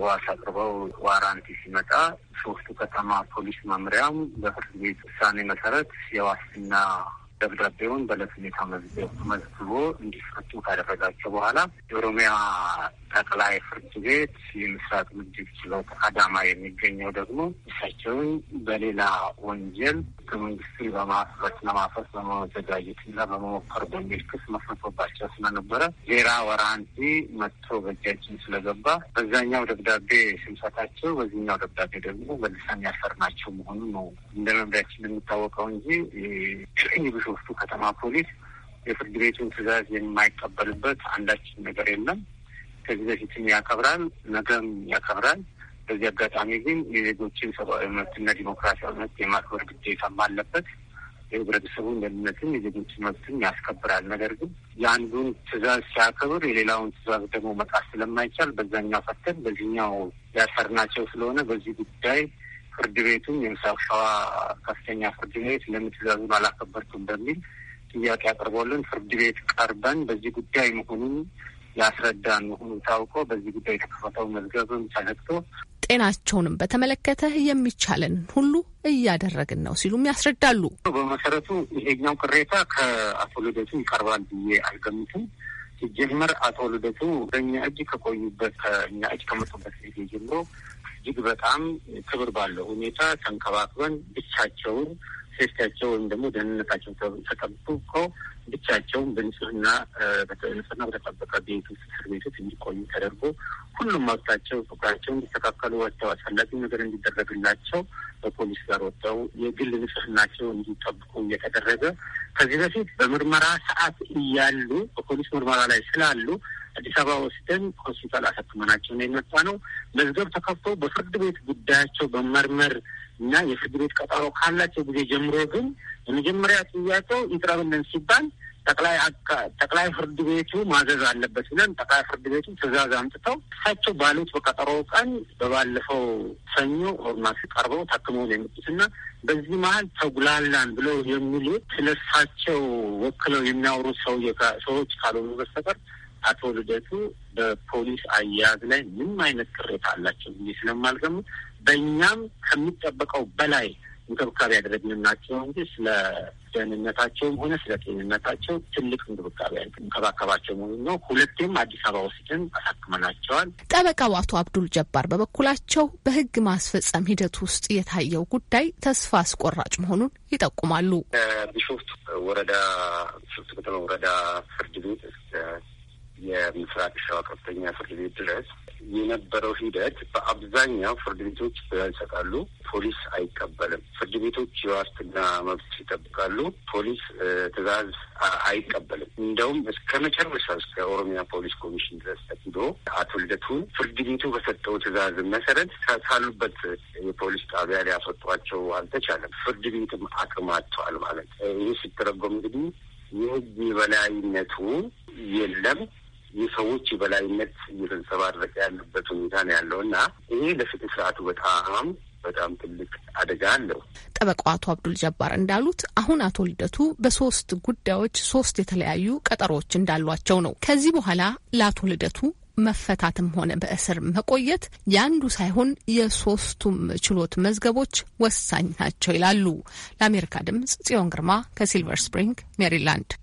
ዋስ አቅርበው ዋራንቲ ሲመጣ ሶስቱ ከተማ ፖሊስ መምሪያም በፍርድ ቤት ውሳኔ መሰረት የዋስትና ደብዳቤውን በዕለት ሁኔታ መዝግቦ እንዲፈቱ ካደረጋቸው በኋላ የኦሮሚያ ጠቅላይ ፍርድ ቤት የምስራቅ ምድብ ችሎት አዳማ የሚገኘው ደግሞ እሳቸውን በሌላ ወንጀል ህገ መንግስት ለማፈስ በመዘጋጀት በመዘጋጀትና በመሞከር በሚል ክስ መስርቶባቸው ስለነበረ ዜራ ወራንቲ መጥቶ በእጃችን ስለገባ በዛኛው ደብዳቤ ሽምሰታቸው፣ በዚህኛው ደብዳቤ ደግሞ መልሰን ያሰርናቸው መሆኑን ነው እንደ መምሪያችን የሚታወቀው እንጂ የቢሾፍቱ ከተማ ፖሊስ የፍርድ ቤቱን ትእዛዝ የማይቀበልበት አንዳችን ነገር የለም። ከዚህ በፊትም ያከብራል፣ ነገም ያከብራል። በዚህ አጋጣሚ ግን የዜጎችን ሰብአዊ መብትና ዲሞክራሲያዊ መብት የማክበር ግዴታም አለበት። የህብረተሰቡን ደህንነትም የዜጎችን መብትም ያስከብራል። ነገር ግን የአንዱን ትዕዛዝ ሲያከብር የሌላውን ትዕዛዝ ደግሞ መጣስ ስለማይቻል በዛኛው ፈተን በዚህኛው ያሰርናቸው ስለሆነ በዚህ ጉዳይ ፍርድ ቤቱም የምስራቅ ሸዋ ከፍተኛ ፍርድ ቤት ለምን ትዕዛዙን አላከበርኩም በሚል ጥያቄ አቅርቦልን ፍርድ ቤት ቀርበን በዚህ ጉዳይ መሆኑን ያስረዳን መሆኑ ታውቆ በዚህ ጉዳይ የተከፈተው መዝገብም ተነግቶ ጤናቸውንም በተመለከተ የሚቻለን ሁሉ እያደረግን ነው ሲሉም ያስረዳሉ። በመሰረቱ ይሄኛው ቅሬታ ከአቶ ልደቱ ይቀርባል ብዬ አልገምትም። ሲጀመር አቶ ልደቱ በእኛ እጅ ከቆዩበት ከእኛ እጅ ከመጡበት ጊዜ ጀምሮ እጅግ በጣም ክብር ባለው ሁኔታ ተንከባክበን ብቻቸውን ሴፍቲያቸው ወይም ደግሞ ደህንነታቸው ተጠብቆ ብቻቸውን በንጽህና በንጽህና በተጠበቀ ቤት ውስጥ እስር ቤቶች እንዲቆዩ ተደርጎ ሁሉም መብታቸው ፍቅራቸው እንዲስተካከሉ ወጥተው አስፈላጊው ነገር እንዲደረግላቸው በፖሊስ ጋር ወጥተው የግል ንጽህናቸው እንዲጠብቁ እየተደረገ ከዚህ በፊት በምርመራ ሰዓት እያሉ በፖሊስ ምርመራ ላይ ስላሉ አዲስ አበባ ወስደን ሆስፒታል አሳክመናቸው ነው የመጣ ነው። መዝገብ ተከፍቶ በፍርድ ቤት ጉዳያቸው በመርመር እና የፍርድ ቤት ቀጠሮ ካላቸው ጊዜ ጀምሮ ግን የመጀመሪያ ጥያቄው ይቅረብልን ሲባል ጠቅላይ ጠቅላይ ፍርድ ቤቱ ማዘዝ አለበት ብለን ጠቅላይ ፍርድ ቤቱ ትዕዛዝ አምጥተው እሳቸው ባሉት በቀጠሮ ቀን በባለፈው ሰኞ ኦርማስ ቀርበው ታክመው ነው የመጡት እና በዚህ መሀል ተጉላላን ብለው የሚሉት ስለሳቸው ወክለው የሚያወሩት ሰው ሰዎች ካልሆኑ በስተቀር አቶ ልደቱ በፖሊስ አያያዝ ላይ ምንም አይነት ቅሬታ አላቸው ብዬ ስለማልገምት በእኛም ከሚጠበቀው በላይ እንክብካቤ ያደረግንላቸው እንጂ ስለ ደህንነታቸውም ሆነ ስለ ጤንነታቸው ትልቅ እንክብካቤ እንከባከባቸው መሆኑ ነው። ሁለቴም አዲስ አበባ ወስደን አሳክመናቸዋል። ጠበቃው አቶ አብዱል ጀባር በበኩላቸው በህግ ማስፈጸም ሂደት ውስጥ የታየው ጉዳይ ተስፋ አስቆራጭ መሆኑን ይጠቁማሉ። ቢሾፍቱ ወረዳ ቢሾፍቱ ከተማ ወረዳ ፍርድ ቤት የምስራቅ ሸዋ ከፍተኛ ፍርድ ቤት ድረስ የነበረው ሂደት በአብዛኛው ፍርድ ቤቶች ትዕዛዝ ይሰጣሉ፣ ፖሊስ አይቀበልም። ፍርድ ቤቶች የዋስትና መብት ይጠብቃሉ፣ ፖሊስ ትዕዛዝ አይቀበልም። እንደውም እስከ መጨረሻ እስከ ኦሮሚያ ፖሊስ ኮሚሽን ድረስ ተኪዶ አቶ ልደቱን ፍርድ ቤቱ በሰጠው ትዕዛዝ መሰረት ካሉበት የፖሊስ ጣቢያ ሊያስወጧቸው አልተቻለም። ፍርድ ቤትም አቅም አጥተዋል ማለት ይህ ሲተረጎም እንግዲህ የህግ የበላይነቱ የለም የሰዎች የበላይነት እየተንጸባረቀ ያለበት ሁኔታ ነው ያለው እና ይሄ ለፍትህ ስርዓቱ በጣም በጣም ትልቅ አደጋ አለው። ጠበቃው አቶ አብዱል ጀባር እንዳሉት አሁን አቶ ልደቱ በሶስት ጉዳዮች ሶስት የተለያዩ ቀጠሮዎች እንዳሏቸው ነው። ከዚህ በኋላ ለአቶ ልደቱ መፈታትም ሆነ በእስር መቆየት የአንዱ ሳይሆን የሶስቱም ችሎት መዝገቦች ወሳኝ ናቸው ይላሉ። ለአሜሪካ ድምጽ ጽዮን ግርማ ከሲልቨር ስፕሪንግ ሜሪላንድ